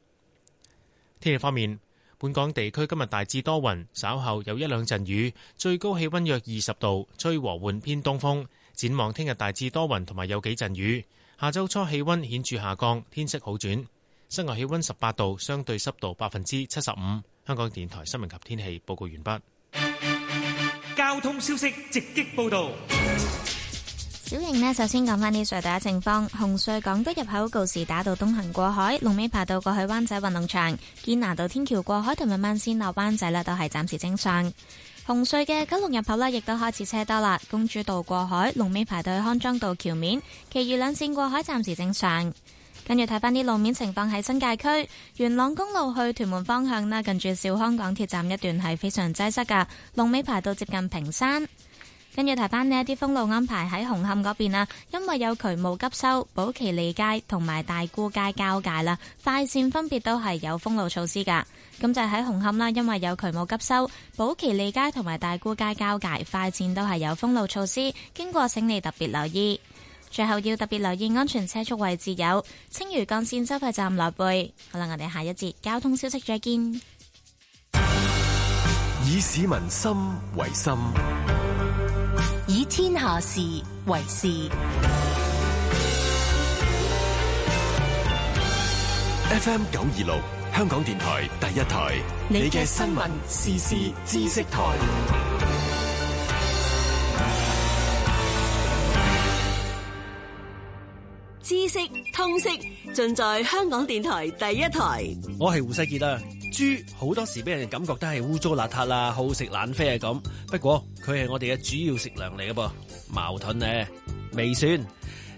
天氣方面，本港地區今日大致多雲，稍後有一兩陣雨，最高氣溫約二十度，吹和緩偏東風。展望聽日大致多雲同埋有幾陣雨。下周初氣溫顯著下降，天色好轉，室外氣溫十八度，相對濕度百分之七十五。 [laughs] 香港電台新聞及天氣報告完畢。交通消息直擊報道。小瑩呢，首先講翻啲隧道嘅情況。紅隧港島入口告士打道東行過海，龍尾排到過去灣仔運動場堅拿道天橋過海，同慢慢線落灣仔啦，都係暫時正常。紅隧嘅九龍入口呢，亦都開始車多啦。公主道過海，龍尾排到康莊道橋面，其餘兩線過海暫時正常。跟住睇翻啲路面情況喺新界區，元朗公路去屯門方向啦，近住兆康港鐵站一段係非常擠塞噶，龍尾排到接近屏山。跟住睇翻呢一啲封路安排喺紅磡嗰邊啊，因為有渠務急修，寶奇利街同埋大沽街交界啦，快線分別都係有封路措施噶。咁就喺紅磡啦，因為有渠務急修，寶奇利街同埋大沽街交界快線都係有封路措施，經過請你特別留意。最後要特別留意安全車速位置有青嶼幹線收費站落背。好啦，我哋下一節交通消息再見。以市民心為心，以天下事為事。FM 九二六。香港電台第一台，你嘅新聞、時事、知識台，知識、通識盡在香港電台第一台。我係胡世杰啊。豬好多時俾人感覺都係污糟邋遢啦，好食懶飛啊咁。不過佢係我哋嘅主要食糧嚟嘅噃，矛盾呢？未算。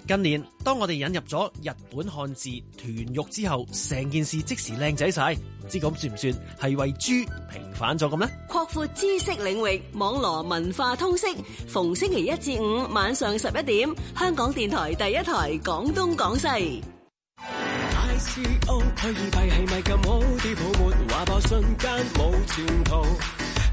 近年，當我哋引入咗日本漢字「豚肉」之後，成件事即時靚仔晒。唔知咁算唔算係為豬平反咗嘅呢？擴闊知識領域，網羅文化通識。逢星期一至五晚上十一點，香港電台第一台廣東廣勢。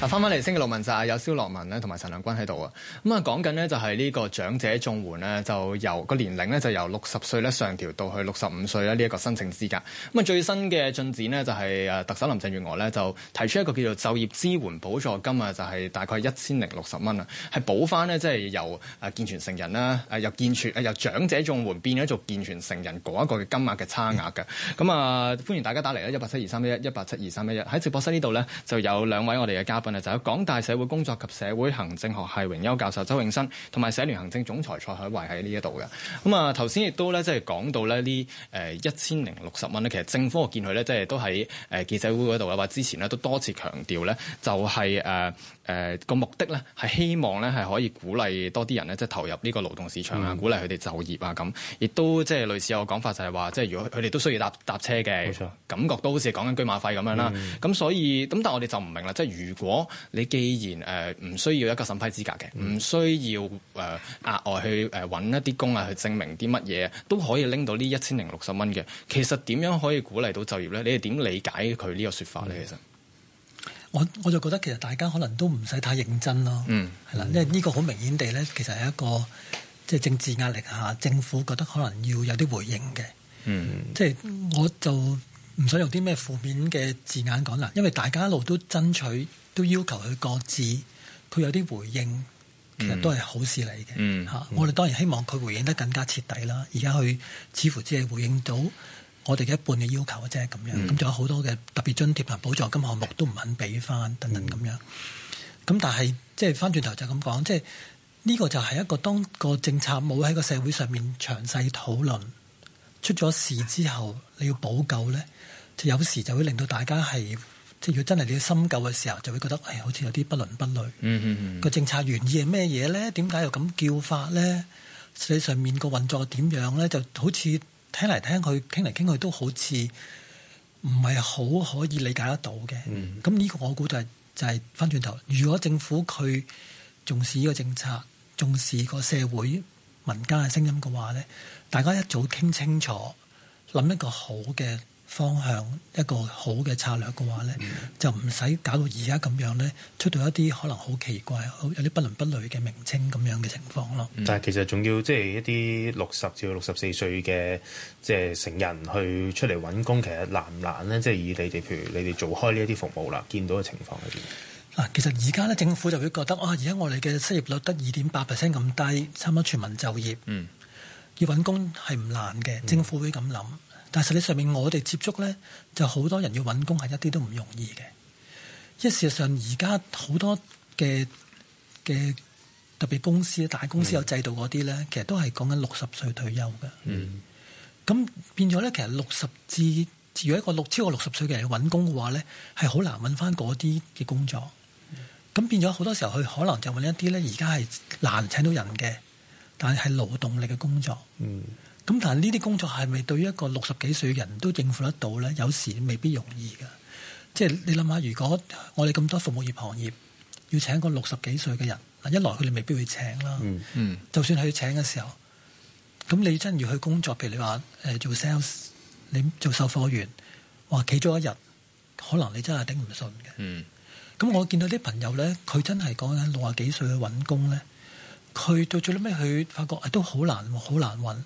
嗱，翻返嚟星期六問責，有蕭樂文咧同埋陳亮君喺度啊。咁啊，講緊呢就係呢個長者綜援咧，就由個年齡咧就由六十歲咧上調到去六十五歲咧呢一個申請資格。咁啊，最新嘅進展呢，就係誒特首林鄭月娥咧就提出一個叫做就業支援補助金啊，就係大概一千零六十蚊啊，係補翻呢，即係由誒健全成人啦，誒由健全由長者綜援變咗做健全成人嗰一個嘅金額嘅差額嘅。咁啊、嗯，歡迎大家打嚟啦，一八七二三一一，一八七二三一一，喺直播室呢度咧就有兩位我哋嘅嘉賓。就係港大社會工作及社會行政學系榮休教授周永新，同埋社聯行政總裁蔡海偉喺呢一度嘅咁啊。頭先亦都咧，即係講到咧呢誒一千零六十蚊咧。其實政府我見佢咧，即係都喺誒記者會嗰度啊。話之前咧都多次強調咧，就係誒。誒個目的咧係希望咧係可以鼓勵多啲人咧，即係投入呢個勞動市場啊，嗯、鼓勵佢哋就業啊咁，亦都即係類似有個講法就，就係話即係如果佢哋都需要搭搭車嘅，冇錯感覺都好似講緊居馬費咁樣啦。咁、嗯、所以咁，但係我哋就唔明啦。即係如果你既然誒唔需要一個審批資格嘅，唔需要誒額外去誒揾一啲工啊去證明啲乜嘢，都可以拎到呢一千零六十蚊嘅。其實點樣可以鼓勵到就業咧？你哋點理解佢呢個説法咧？其實、嗯？我我就覺得其實大家可能都唔使太認真咯，係啦、嗯，因為呢個好明顯地咧，其實係一個即係政治壓力下，政府覺得可能要有啲回應嘅，即係、嗯、我就唔想用啲咩負面嘅字眼講啦，因為大家一路都爭取，都要求佢各自，佢有啲回應，其實都係好事嚟嘅，嚇、嗯嗯嗯啊！我哋當然希望佢回應得更加徹底啦，而家佢似乎只係回應到，我哋嘅一半嘅要求啫，咁樣。咁仲、mm hmm. 有好多嘅特別津貼同補助金項目都唔肯俾翻，等等咁樣。咁、mm hmm. 但係即係翻轉頭就咁講，即係呢個就係一個當個政策冇喺個社會上面詳細討論，出咗事之後你要補救咧，就有時就會令到大家係即係要真係你要深究嘅時候，就會覺得誒、哎、好似有啲不倫不類。嗯個、mm hmm. 政策原意係咩嘢咧？點解又咁叫法咧？實際上面個運作點樣咧？就好似。聽嚟聽去，傾嚟傾去都好似唔係好可以理解得到嘅。咁呢、mm hmm. 個我估就係、係、就係翻轉頭。如果政府佢重視呢個政策，重視個社會民間嘅聲音嘅話咧，大家一早傾清楚，諗一個好嘅方向一個好嘅策略嘅話咧，嗯、就唔使搞到而家咁樣咧，出到一啲可能好奇怪、好有啲不倫不類嘅名稱咁樣嘅情況咯。嗯、但係其實仲要即係一啲六十至到六十四歲嘅即係成人去出嚟揾工，其實難唔難咧？即係以你哋譬如你哋做開呢一啲服務啦，見到嘅情況係點？嗱，其實而家咧政府就會覺得啊，而家我哋嘅失業率得二點八 percent 咁低，差唔多全民就業，嗯、要揾工係唔難嘅。政府會咁諗。嗯但係實際上面，我哋接觸咧，就好多人要揾工係一啲都唔容易嘅。因為事實上，而家好多嘅嘅特別公司，大公司有制度嗰啲咧，嗯、其實都係講緊六十歲退休嘅。嗯。咁變咗咧，其實六十至如果一個六超過六十歲嘅人揾工嘅話咧，係好難揾翻嗰啲嘅工作。嗯。咁變咗好多時候，佢可能就揾一啲咧，而家係難請到人嘅，但係係勞動力嘅工作。嗯。咁但係呢啲工作係咪對於一個六十幾歲嘅人都應付得到呢？有時未必容易㗎。即係你諗下，如果我哋咁多服務業行業要請個六十幾歲嘅人，一來佢哋未必會請啦。嗯嗯、就算佢請嘅時候，咁你真如去工作，譬如話係、呃、做 sales，你做售貨員，哇，企咗一日，可能你真係頂唔順嘅。嗯。咁我見到啲朋友呢，佢真係講緊六啊幾歲去揾工呢，佢到最屘尾去發覺、哎、都好難，好難揾。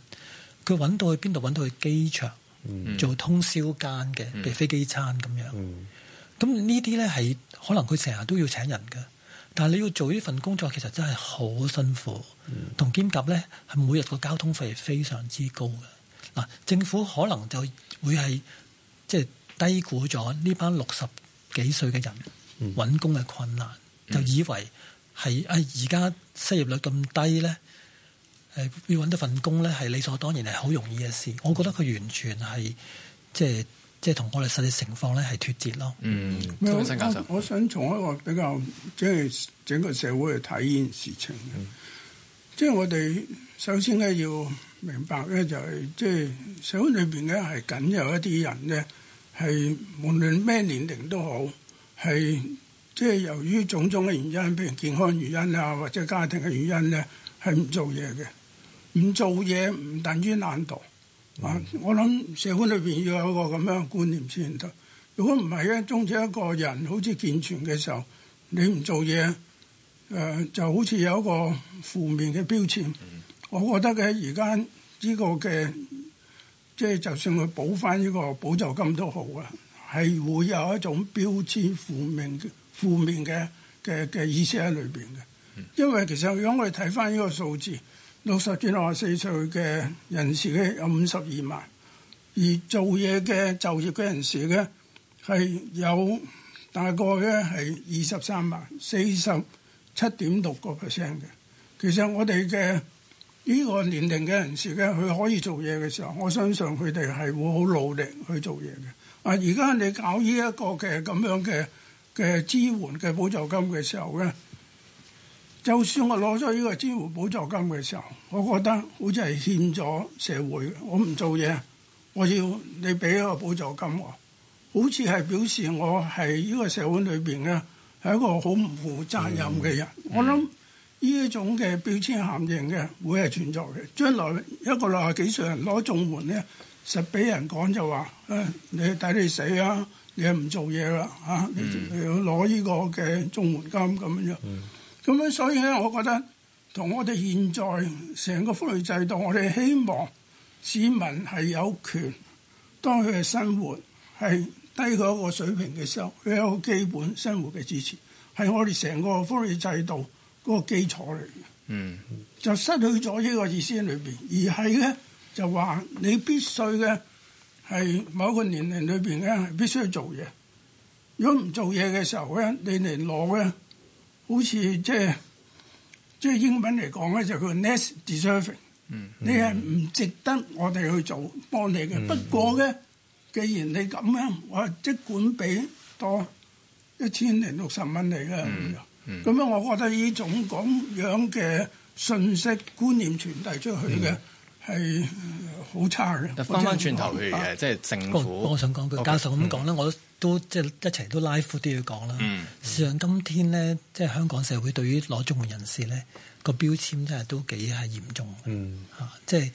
佢揾到去邊度？揾到去機場、mm hmm. 做通宵間嘅，譬如飛機餐咁樣。咁、mm hmm. 呢啲咧係可能佢成日都要請人嘅，但係你要做呢份工作其實真係好辛苦，同、mm hmm. 兼夾咧係每日個交通費係非常之高嘅。嗱、啊，政府可能就會係即係低估咗呢班六十幾歲嘅人揾、mm hmm. 工嘅困難，就以為係啊而家失業率咁低咧。誒要揾到份工咧，係理所當然，係好容易嘅事。我覺得佢完全係即係即係同我哋實際情況咧係脫節咯。嗯，我想從一個比較即係、就係、整個社會去睇呢件事情。即係、嗯、我哋首先咧要明白咧、就係，就係即係社會裏邊咧係僅有一啲人咧係無論咩年齡都好，係即係由於種種嘅原因，譬如健康原因啊，或者家庭嘅原因咧，係唔做嘢嘅。唔做嘢唔等於懶惰啊！嗯、我諗社會裏邊要有一個咁樣觀念先得。如果唔係咧，中止一個人好似健全嘅時候，你唔做嘢，誒、呃、就好似有一個負面嘅標籤。嗯、我覺得嘅而家呢個嘅，即係就算佢補翻呢個補助金都好啊，係會有一種標籤負面、負面嘅嘅嘅意思喺裏邊嘅。嗯、因為其實如果我哋睇翻呢個數字。六十至六十四歲嘅人士咧，有五十二萬，而做嘢嘅就業嘅人士咧係有大概咧係二十三萬四十七點六個 percent 嘅。其實我哋嘅呢個年齡嘅人士咧，佢可以做嘢嘅時候，我相信佢哋係會好努力去做嘢嘅。啊，而家你搞呢一個嘅咁樣嘅嘅支援嘅補助金嘅時候咧。就算我攞咗呢個支援補助金嘅時候，我覺得好似係欠咗社會。我唔做嘢，我要你俾一個補助金，好似係表示我係呢個社會裏邊咧係一個好唔負責任嘅人。嗯嗯、我諗呢一種嘅標籤陷阱嘅會係存在嘅。將來一個六十幾歲人攞綜援咧，實俾人講就話：誒、哎，你抵你死啊！你唔做嘢啦，嚇、嗯啊！你要攞呢個嘅綜援金咁樣。嗯嗯咁樣所以咧，我覺得同我哋現在成個福利制度，我哋希望市民係有權，當佢嘅生活係低佢一個水平嘅時候，佢有個基本生活嘅支持，係我哋成個福利制度嗰個基礎嚟嘅。嗯 [music] 就失去咗呢個意思裏邊，而係咧就話你必須嘅係某個年齡裏邊咧，必須要做嘢。如果唔做嘢嘅時候咧，你嚟攞咧。 [music] [music] 好似即係即係英文嚟講咧，就叫 less deserving，嗯。嗯、你係唔值得我哋去做幫你嘅。嗯嗯、不過咧，既然你咁樣，我即管俾多一千零六十蚊你嘅。咁樣，嗯嗯、我覺得呢種咁樣嘅信息觀念傳遞出去嘅係。嗯嗯好差嘅。翻翻轉頭，去。如即係政府。我想講句，okay, 教授咁講咧，嗯、我都都即係一齊都拉闊啲去講啦。嗯、事實上今天咧，即係香港社會對於攞綜援人士咧個標籤，真係都幾係嚴重。嗯。啊、即係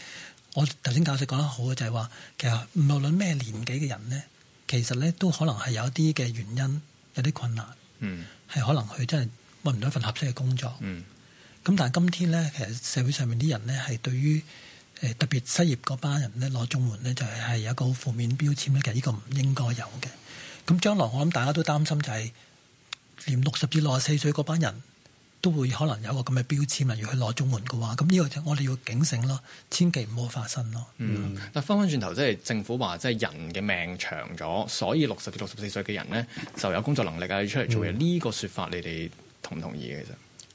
我頭先教授講得好嘅，就係話，其實無論咩年紀嘅人咧，其實咧都可能係有一啲嘅原因，有啲困難。嗯。係可能佢真係揾唔到一份合適嘅工作。嗯。咁但係今天咧，其實社會上面啲人咧係對於。誒特別失業嗰班人咧攞綜援咧，就係係一個好負面標籤咧。其實呢個唔應該有嘅。咁將來我諗大家都擔心就係連六十至六十四歲嗰班人都會可能有一個咁嘅標籤啦，如去攞綜援嘅話，咁呢個就我哋要警醒咯，千祈唔好發生咯。嗯，嗯但翻返轉頭即係政府話，即係人嘅命長咗，所以六十至六十四歲嘅人咧就有工作能力啊，要出嚟做嘢。呢、嗯、個説法，你哋同唔同意嘅啫？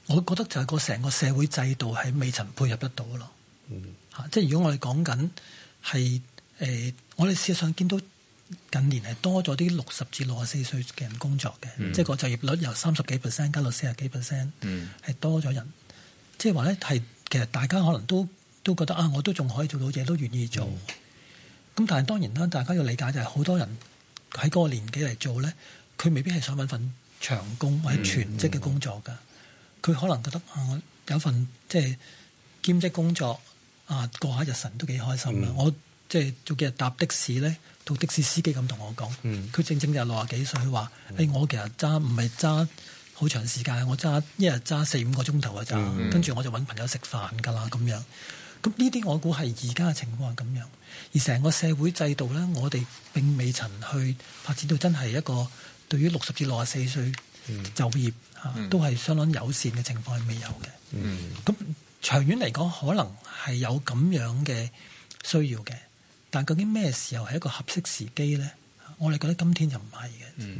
嗯、我覺得就係個成個社會制度係未曾配合得到咯。嗯。即係如果我哋講緊係誒，我哋事實上見到近年係多咗啲六十至六十四歲嘅人工作嘅，mm. 即係個就業率由三十幾 percent 加到四十幾 percent，係、mm. 多咗人。即係話咧，係其實大家可能都都覺得啊，我都仲可以做到嘢，都願意做。咁、mm. 但係當然啦，大家要理解就係好多人喺個年紀嚟做咧，佢未必係想揾份長工或者全職嘅工作㗎。佢、mm. mm. 可能覺得啊，我有份即係兼職工作。啊，過下日神都幾開心啊！我即係早幾日搭的士咧，到的士司機咁同我講，佢正正就六十幾歲，佢話，誒，我其實揸唔係揸好長時間，我揸一日揸四五個鐘頭嘅咋，跟住我就揾朋友食飯㗎啦咁樣。咁呢啲我估係而家嘅情況係咁樣，而成個社會制度咧，我哋並未曾去發展到真係一個對於六十至六十四歲就業呀都係相當友善嘅情況係未有嘅。咁長遠嚟講，可能係有咁樣嘅需要嘅，但究竟咩時候係一個合適時機咧？我哋覺得今天就唔係嘅。咩、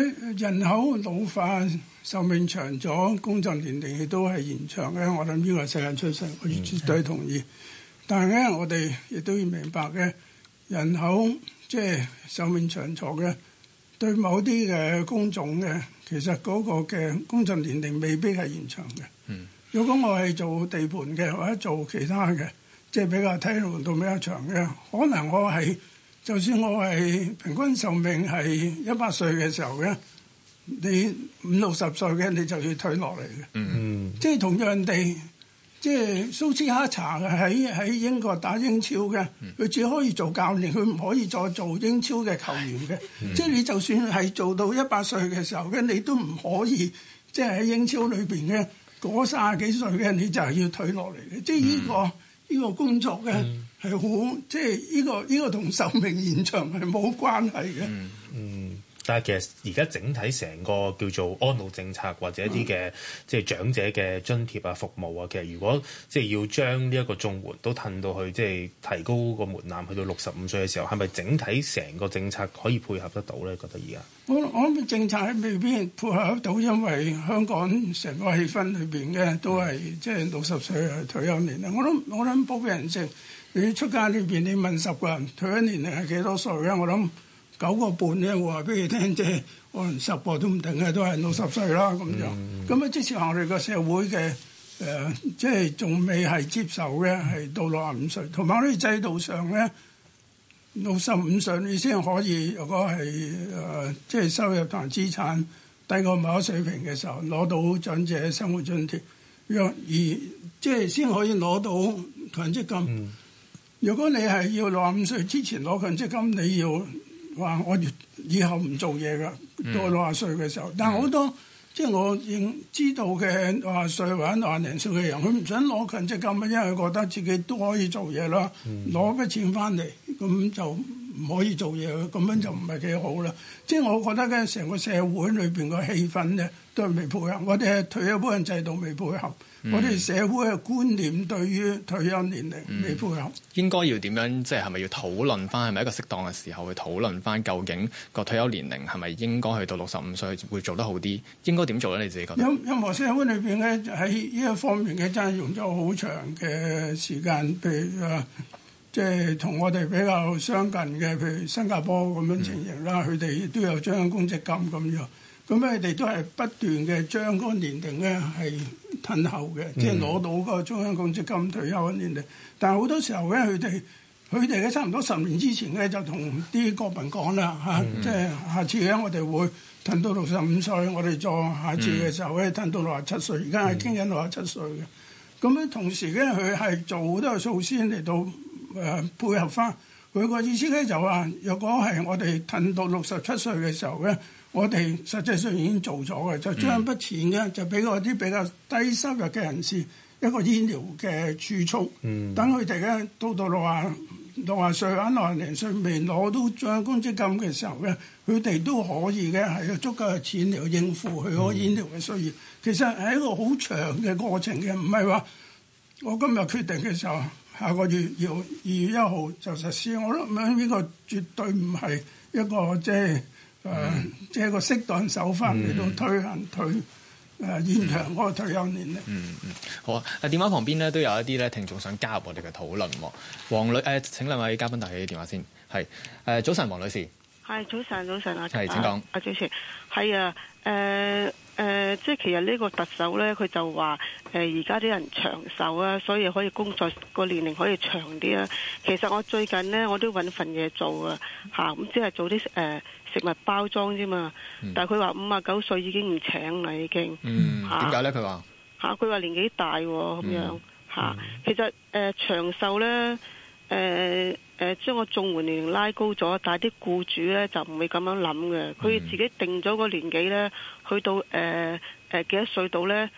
mm hmm. 人口老化、壽命長咗、工作年齡亦都係延長嘅。我諗呢個世界趨勢，我絕對同意。Mm hmm. 但係咧，我哋亦都要明白嘅，人口即係壽命長咗嘅，對某啲嘅工種嘅，其實嗰個嘅工作年齡未必係延長嘅。如果我係做地盤嘅，或者做其他嘅，即係比較體能度比較長嘅，可能我係就算我係平均壽命係一百歲嘅時候咧，你五六十歲嘅你就要退落嚟嘅。嗯、mm，hmm. 即係同樣地，即係蘇斯克查喺喺英國打英超嘅，佢只可以做教練，佢唔可以再做英超嘅球員嘅。Mm hmm. 即係你就算係做到一百歲嘅時候咧，你都唔可以，即係喺英超裏邊咧。嗰十幾歲嘅人，你就係要退落嚟嘅，嗯、即係呢、這個呢、這個工作嘅係好，嗯、即係呢、這個呢、這個同壽命延長係冇關係嘅。嗯嗯但係其實而家整體成個叫做安老政策或者一啲嘅、嗯、即係長者嘅津貼啊服務啊，其實如果即係要將呢一個綜援都褪到去，即係提高個門檻去到六十五歲嘅時候，係咪整體成個政策可以配合得到咧？覺得而家我我諗政策係未必配合得到，因為香港成個氣氛裏邊嘅都係、嗯、即係六十歲退休年齡啦。我諗我諗普遍人士，你出街裏邊你問十個人退休年齡係幾多歲咧？我諗。九個半咧，我話俾你聽，即係可能十個都唔定嘅，都係六十歲啦咁就。咁啊、嗯嗯呃，之前我哋個社會嘅誒，即係仲未係接受嘅，係到六十五歲。同埋我哋制度上咧，六十五歲你先可以，如果係誒、呃，即係收入同資產低過某一水平嘅時候，攞到長者生活津貼。若而即係先可以攞到強積金。嗯、如果你係要六十五歲之前攞強積金，你要。話我以後唔做嘢噶，到六啊歲嘅時候。但係好多、嗯、即係我認知道嘅六啊歲或者六零歲嘅人，佢唔想攞強積金，因為覺得自己都可以做嘢啦，攞筆錢翻嚟咁就唔可以做嘢，咁樣就唔係幾好啦。即係我覺得咧，成個社會裏邊個氣氛咧都係未配合，我哋係退休保障制度未配合。我哋社會嘅觀念對於退休年齡、嗯、未配合，應該要點樣？即係係咪要討論返？係咪一個適當嘅時候去討論返？究竟個退休年齡係咪應該去到六十五歲會做得好啲？應該點做咧？你自己覺得？任何社會裏邊咧，喺呢一方面嘅真係用咗好長嘅時間，譬如啊，即係同我哋比較相近嘅，譬如新加坡咁樣情形啦，佢哋、嗯、都有將公積金咁樣。咁咧，佢哋都係不斷嘅將嗰個年齡咧係褪後嘅，嗯、即係攞到嗰個中央公積金退休嘅年齡。但係好多時候咧，佢哋佢哋咧差唔多十年之前咧就同啲國民講啦嚇，啊嗯、即係下次咧我哋會褪到六十五歲，我哋再下次嘅時候咧褪到六十七歲。而家係傾緊六十七歲嘅。咁咧、嗯、同時咧，佢係做好多嘅措施嚟到誒、呃、配合翻，佢個意思咧就話，若果係我哋褪到六十七歲嘅時候咧，我哋實際上已經做咗嘅，就將一筆錢咧，就俾我啲比較低收入嘅人士一個醫療嘅儲蓄，嗯、等佢哋咧到到六啊六啊歲或者六啊零歲未攞到強積金嘅時候咧，佢哋都可以嘅係有足夠嘅錢嚟應付佢嗰醫療嘅需要。其實係一個好長嘅過程嘅，唔係話我今日決定嘅時候。下個月要二,二月一號就實施，我諗呢個絕對唔係一個即係誒，即、呃、係個適當手法嚟到推行退誒、呃、延長嗰個退休年齡。嗯嗯，好啊！啊電話旁邊咧都有一啲咧聽眾想加入我哋嘅討論，黃女誒、呃、請兩位嘉賓打起電話先，係誒、呃、早晨，黃女士，係早晨，早晨啊，係請講、啊，啊主持，係啊誒。呃誒、呃、即係其實呢個特首呢，佢就話誒而家啲人長壽啊，所以可以工作個年齡可以長啲啊。其實我最近呢，我都揾份嘢做啊，嚇咁即係做啲誒、呃、食物包裝啫嘛。但係佢話五啊九歲已經唔請啦，已經嚇。點解呢？佢話嚇佢話年紀大喎、啊、咁樣嚇、嗯嗯啊。其實誒、呃、長壽呢。誒誒，將個綜援年齡拉高咗，但係啲僱主咧就唔會咁樣諗嘅，佢自己定咗個年紀咧，去到誒誒幾多歲度咧，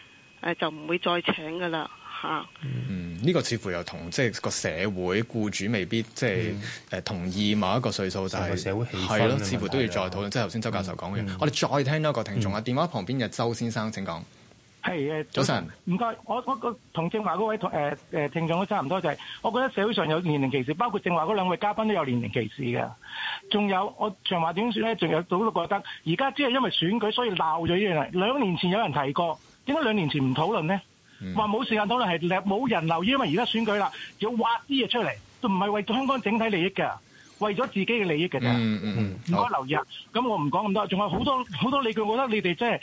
誒就唔會再請噶啦吓。嗯，呢、這個似乎又同即係個社會僱主未必即係誒同意某一個歲數，但係係咯，似乎都要再討論。即係頭先周教授講嘅，嗯、我哋再聽多一個聽眾啊，電話旁邊嘅周先生，請講。係嘅，早晨。唔該，我我個同正華嗰位同誒誒聽眾都差唔多，就係、是、我覺得社會上有年齡歧視，包括正華嗰兩位嘉賓都有年齡歧視嘅。仲有我長話點算咧？仲有早都覺得而家只係因為選舉，所以鬧咗呢樣嘢。兩年前有人提過，點解兩年前唔討論呢？話冇、嗯、時間討論係冇人留意，因為而家選舉啦，要挖啲嘢出嚟，就唔係為香港整體利益嘅，為咗自己嘅利益嘅啫。唔該、嗯嗯嗯、留意。咁好我唔講咁多，仲有好多好多，多理據，我覺得你哋即係。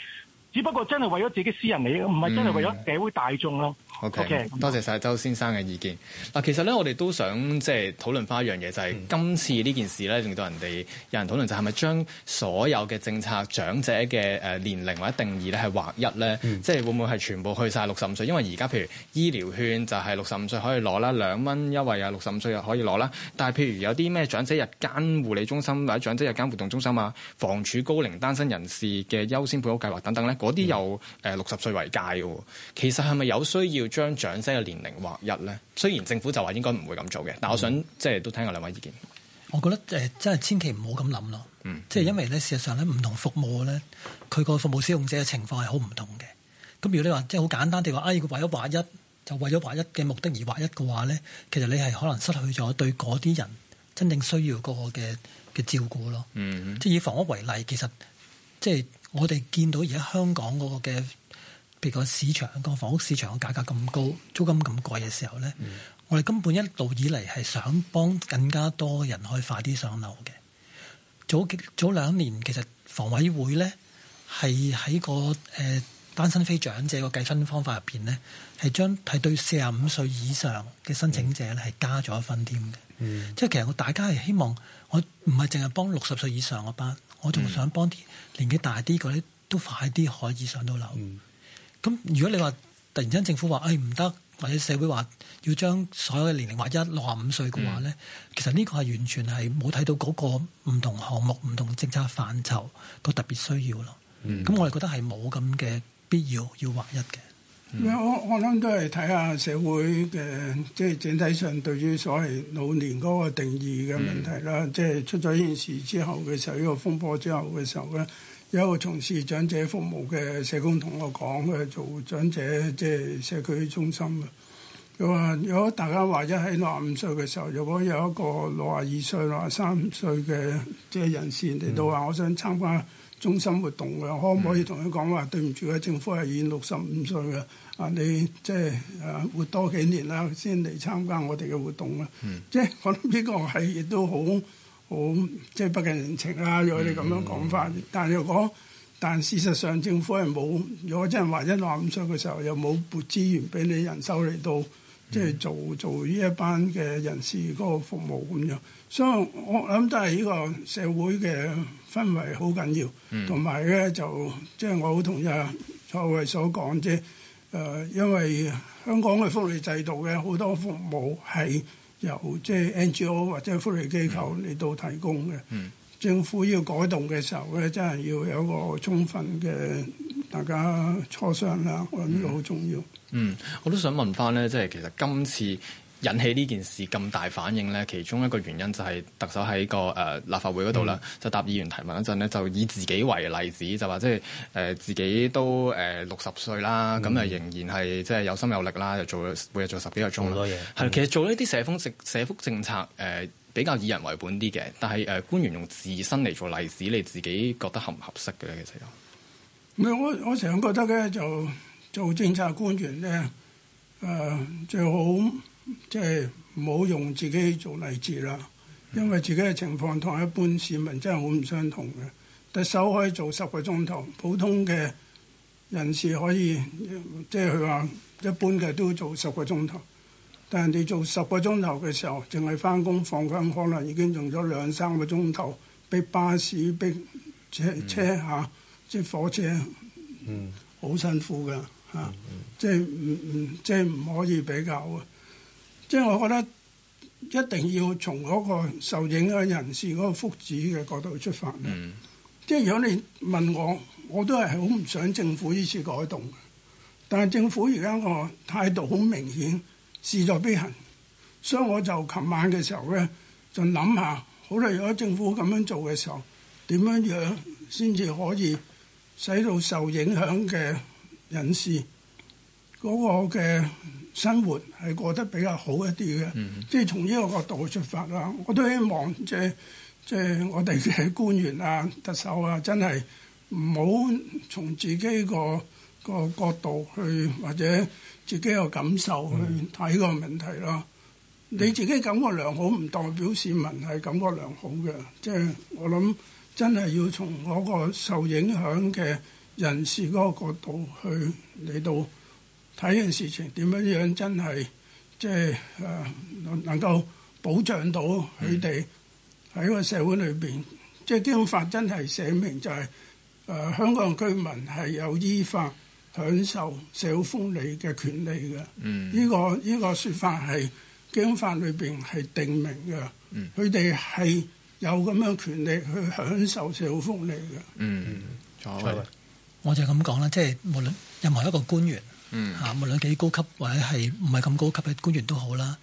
只不過真係為咗自己私人利益，唔係真係為咗社會大眾囉。嗯 OK，, okay 多謝晒周先生嘅意見。嗱，其實咧，我哋都想即係討論翻一樣嘢，就是，就係、嗯、今次呢件事咧令到人哋有人討論，就係咪將所有嘅政策長者嘅誒年齡或者定義咧係劃一咧？嗯、即係會唔會係全部去晒，六十五歲？因為而家譬如醫療券就係六十五歲可以攞啦，兩蚊優惠啊，六十五歲又可以攞啦。但係譬如有啲咩長者日間護理中心或者長者日間活動中心啊、房署高齡單身人士嘅優先配屋計劃等等咧，嗰啲有誒六十歲為界嘅。其實係咪有需要？將長者嘅年齡劃一咧，雖然政府就話應該唔會咁做嘅，但我想、嗯、即係都聽下兩位意見。我覺得誒、呃，真係千祈唔好咁諗咯。嗯、即係因為咧，事實上咧，唔同服務咧，佢個服務使用者嘅情況係好唔同嘅。咁如果你話即係好簡單地，地話誒，為咗劃一就為咗劃一嘅目的而劃一嘅話咧，其實你係可能失去咗對嗰啲人真正需要嗰個嘅嘅照顧咯。嗯、即係以房屋為例，其實即係我哋見到而家香港嗰、嗰個嘅。譬如個市場、個房屋市場個價格咁高，租金咁貴嘅時候咧，嗯、我哋根本一路以嚟係想幫更加多人可以快啲上樓嘅。早早兩年其實房委會咧係喺個誒、呃、單身非長者個計分方法入邊咧，係將係對四十五歲以上嘅申請者咧係、嗯、加咗一分添嘅。嗯、即係其實我大家係希望我唔係淨係幫六十歲以上嘅班，我仲想幫啲年紀大啲嗰啲都快啲可以上到樓。嗯咁如果你話突然間政府話誒唔得，或者社會話要將所有嘅年齡劃一六十五歲嘅話咧，嗯、其實呢個係完全係冇睇到嗰個唔同項目、唔同政策範疇個特別需要咯。咁、嗯、我哋覺得係冇咁嘅必要要劃一嘅、嗯。我我諗都係睇下社會嘅即係整體上對於所謂老年嗰個定義嘅問題啦。即係、嗯、出咗呢件事之後嘅時候，呢、呢個風波之後嘅時候咧。有一個從事長者服務嘅社工同我講嘅，做長者即係、就是、社區中心啊。佢話：如果大家話一喺六十五歲嘅時候，如果有一個六十二歲、六十三歲嘅即係人士嚟到話，我想參加中心活動嘅，嗯、可唔可以同佢講話？嗯、對唔住啊，政府係限六十五歲嘅。啊，你即係誒活多幾年啦，先嚟參加我哋嘅活動啦。即係、嗯就是、可能呢個係亦都好。好即係不近人情啦，如果你咁樣講法，mm hmm. 但係如果，但事實上政府係冇，如果真係話一六五歲嘅時候又冇撥資源俾你人手嚟到，mm hmm. 即係做做呢一班嘅人士嗰個服務咁樣。所以我諗都係呢個社會嘅氛圍好緊要，同埋咧就即係、就是、我好同意啊蔡偉所講啫。誒、呃，因為香港嘅福利制度嘅好多服務係。由即係 NGO 或者福利機構嚟到提供嘅，嗯、政府要改動嘅時候咧，真係要有一個充分嘅大家磋商啦。嗯、我諗呢個好重要。嗯，我都想問翻咧，即係其實今次。引起呢件事咁大反應咧，其中一個原因就係特首喺個誒立法會嗰度啦，嗯、就答議員提問嗰陣咧，就以自己為例子，就話即係誒、呃、自己都誒六十歲啦，咁誒、嗯、仍然係即係有心有力啦，就做每日做十幾個鐘好多嘢係的、嗯、其實做呢啲社風社福政策誒、呃、比較以人為本啲嘅，但係誒、呃、官員用自身嚟做例子，你自己覺得合唔合適嘅咧？其實又我我我成日覺得咧，就做政策官員咧誒、呃、最好。即係唔好用自己做例子啦，因為自己嘅情況同一般市民真係好唔相同嘅。特首可以做十個鐘頭，普通嘅人士可以即係佢話一般嘅都做十個鐘頭，但係你做十個鐘頭嘅時候，淨係翻工放工，可能已經用咗兩三個鐘頭，逼巴士、逼車車嚇、啊，即係火車，嗯，好辛苦噶嚇、啊嗯嗯，即係唔唔即係唔可以比較啊。即係我覺得一定要從嗰個受影響人士嗰個福祉嘅角度出發咧。Mm. 即係如果你問我，我都係好唔想政府呢次改動。但係政府而家個態度好明顯，事在必行。所以我就琴晚嘅時候咧，就諗下，好喇，如果政府咁樣做嘅時候，點樣樣先至可以使到受影響嘅人士嗰個嘅。生活係過得比較好一啲嘅，mm hmm. 即係從呢個角度出發啦。我都希望即係即係我哋嘅官員啊、特首啊，真係唔好從自己個個角度去或者自己個感受去睇個問題咯。Mm hmm. 你自己感覺良好唔代表市民係感覺良好嘅，即係我諗真係要從嗰個受影響嘅人士嗰個角度去嚟到。睇呢件事情點樣樣真係，即係誒、呃、能夠保障到佢哋喺個社會裏邊，即係基本法真係寫明就係、是、誒、呃、香港居民係有依法享受社會福利嘅權利嘅。呢、嗯這個呢、這個說法係基本法裏邊係定明嘅。佢哋係有咁樣權利去享受社會福利嘅。嗯，錯、嗯。錯我就咁講啦，即係無論任何一個官員。嗯，嚇、mm，hmm. 無論幾高級或者係唔係咁高級嘅官員都好啦，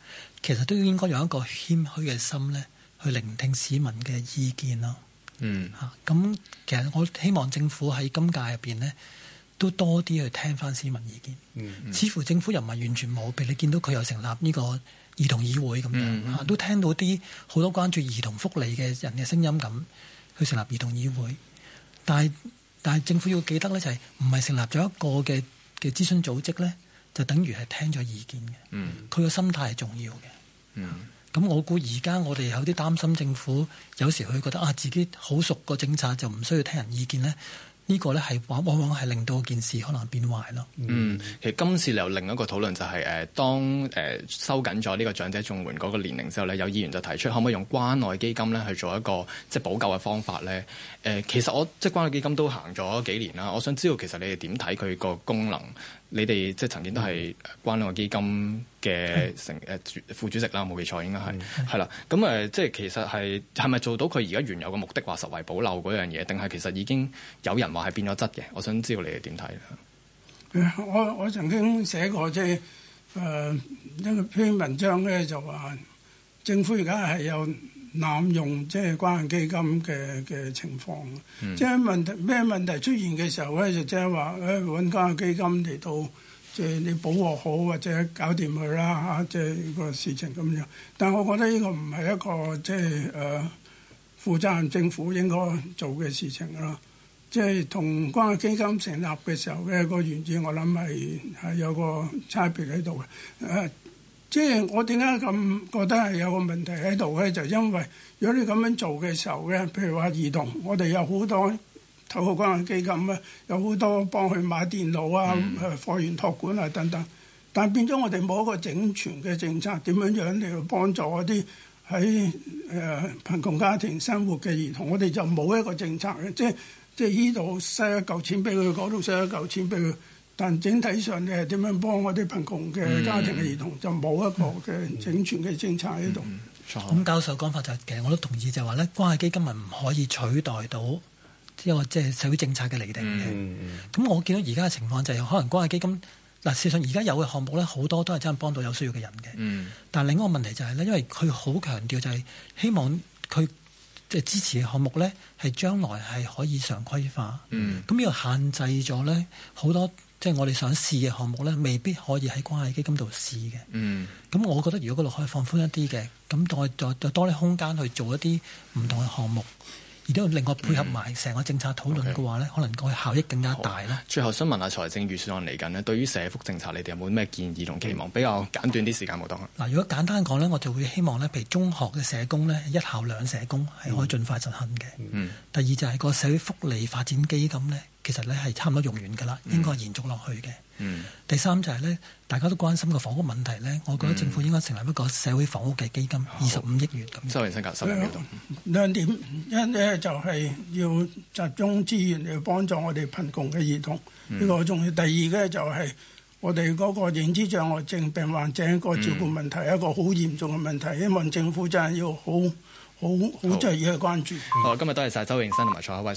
其實都應該用一個謙虛嘅心咧，去聆聽市民嘅意見咯。嗯、mm，嚇、hmm.，咁其實我希望政府喺今屆入邊咧，都多啲去聽翻市民意見。Mm hmm. 似乎政府又唔係完全冇，譬如你見到佢又成立呢個兒童議會咁樣嚇，mm hmm. 都聽到啲好多關注兒童福利嘅人嘅聲音咁，去成立兒童議會，但係但係政府要記得咧就係唔係成立咗一個嘅。嘅諮詢組織呢，就等於係聽咗意見嘅。佢個、嗯、心態係重要嘅。咁、嗯、我估而家我哋有啲擔心，政府有時佢覺得啊，自己好熟個政策就唔需要聽人意見呢。呢個咧係往往係令到件事可能變壞咯。嗯，其實今次有另一個討論就係、是、誒、呃，當誒、呃、收緊咗呢個長者綜援嗰個年齡之後咧，有議員就提出可唔可以用關愛基金咧去做一個即係補救嘅方法咧？誒、呃，其實我即係關愛基金都行咗幾年啦。我想知道其實你哋點睇佢個功能？你哋即係曾經都係關愛基金嘅成誒副主席啦，冇記錯應該係係啦。咁誒即係其實係係咪做到佢而家原有嘅目的話實為保留嗰樣嘢，定係其實已經有人話係變咗質嘅？我想知道你哋點睇。我我曾經寫過即係誒一篇文章咧，就話政府而家係有濫用即係關愛基金嘅嘅情況，嗯、即係問題咩問題出現嘅時候咧，就即係話咧揾關愛基金嚟到即係你補鑊好或者搞掂佢啦嚇，即係個事情咁樣。但係我覺得呢個唔係一個即係誒、呃、負責任政府應該做嘅事情啦。即係同關愛基金成立嘅時候嘅、嗰個原則，我諗係係有個差別喺度嘅。啊。即係我點解咁覺得係有個問題喺度呢？就因為如果你咁樣做嘅時候呢，譬如話兒童，我哋有好多透過關愛基金咧，有好多幫佢買電腦啊、課餘託管啊等等。但係變咗我哋冇一個整全嘅政策，點樣樣嚟去幫助一啲喺誒貧窮家庭生活嘅兒童？我哋就冇一個政策嘅，即係即係呢度塞一嚿錢俾佢，嗰度塞一嚿錢俾佢。但整體上你咧，點樣幫我哋貧窮嘅家庭嘅兒童，mm hmm. 就冇一個嘅整全嘅政策喺度。咁、嗯、教授講法就係其實我都同意、就是，就係話呢關愛基金係唔可以取代到呢個即係社會政策嘅釐定嘅。咁、mm hmm. 我見到而家嘅情況就係、是，可能關愛基金嗱，事實上而家有嘅項目呢，好多都係真係幫到有需要嘅人嘅。嗯、mm。Hmm. 但另一個問題就係、是、呢，因為佢好強調就係、是、希望佢即係支持嘅項目呢係將來係可以常規化。嗯、mm。呢、hmm. 又限制咗呢好多。即係我哋想試嘅項目咧，未必可以喺關係基金度試嘅。嗯，咁我覺得如果嗰度可以放寬一啲嘅，咁再再多啲空間去做一啲唔同嘅項目。而都要另外配合埋成個政策討論嘅話，呢 Okay. 可能個效益更加大啦。最後想問下財政預算案嚟緊呢，對於社福政策你哋有冇咩建議同期望？嗯、比較簡短啲時間無當。嗱，如果簡單講呢，我就會希望呢，譬如中學嘅社工呢，一校兩社工係可以盡快執行嘅。嗯。第二就係、是、個社會福利發展基金呢，其實咧係差唔多用完㗎啦，應該延續落去嘅。嗯嗯，第三就係、是、咧，大家都關心個房屋問題咧，嗯、我覺得政府應該成立一個社會房屋嘅基金，二十五億元咁。周永新教授，兩點，一咧就係要集中資源嚟幫助我哋貧窮嘅兒童，呢個重要。第二咧就係我哋嗰個認知障礙症病患者個照顧問題、嗯、一個好嚴重嘅問題，希望政府真係要好好好注意去關注。好，今日多謝晒周永新同埋蔡海偉。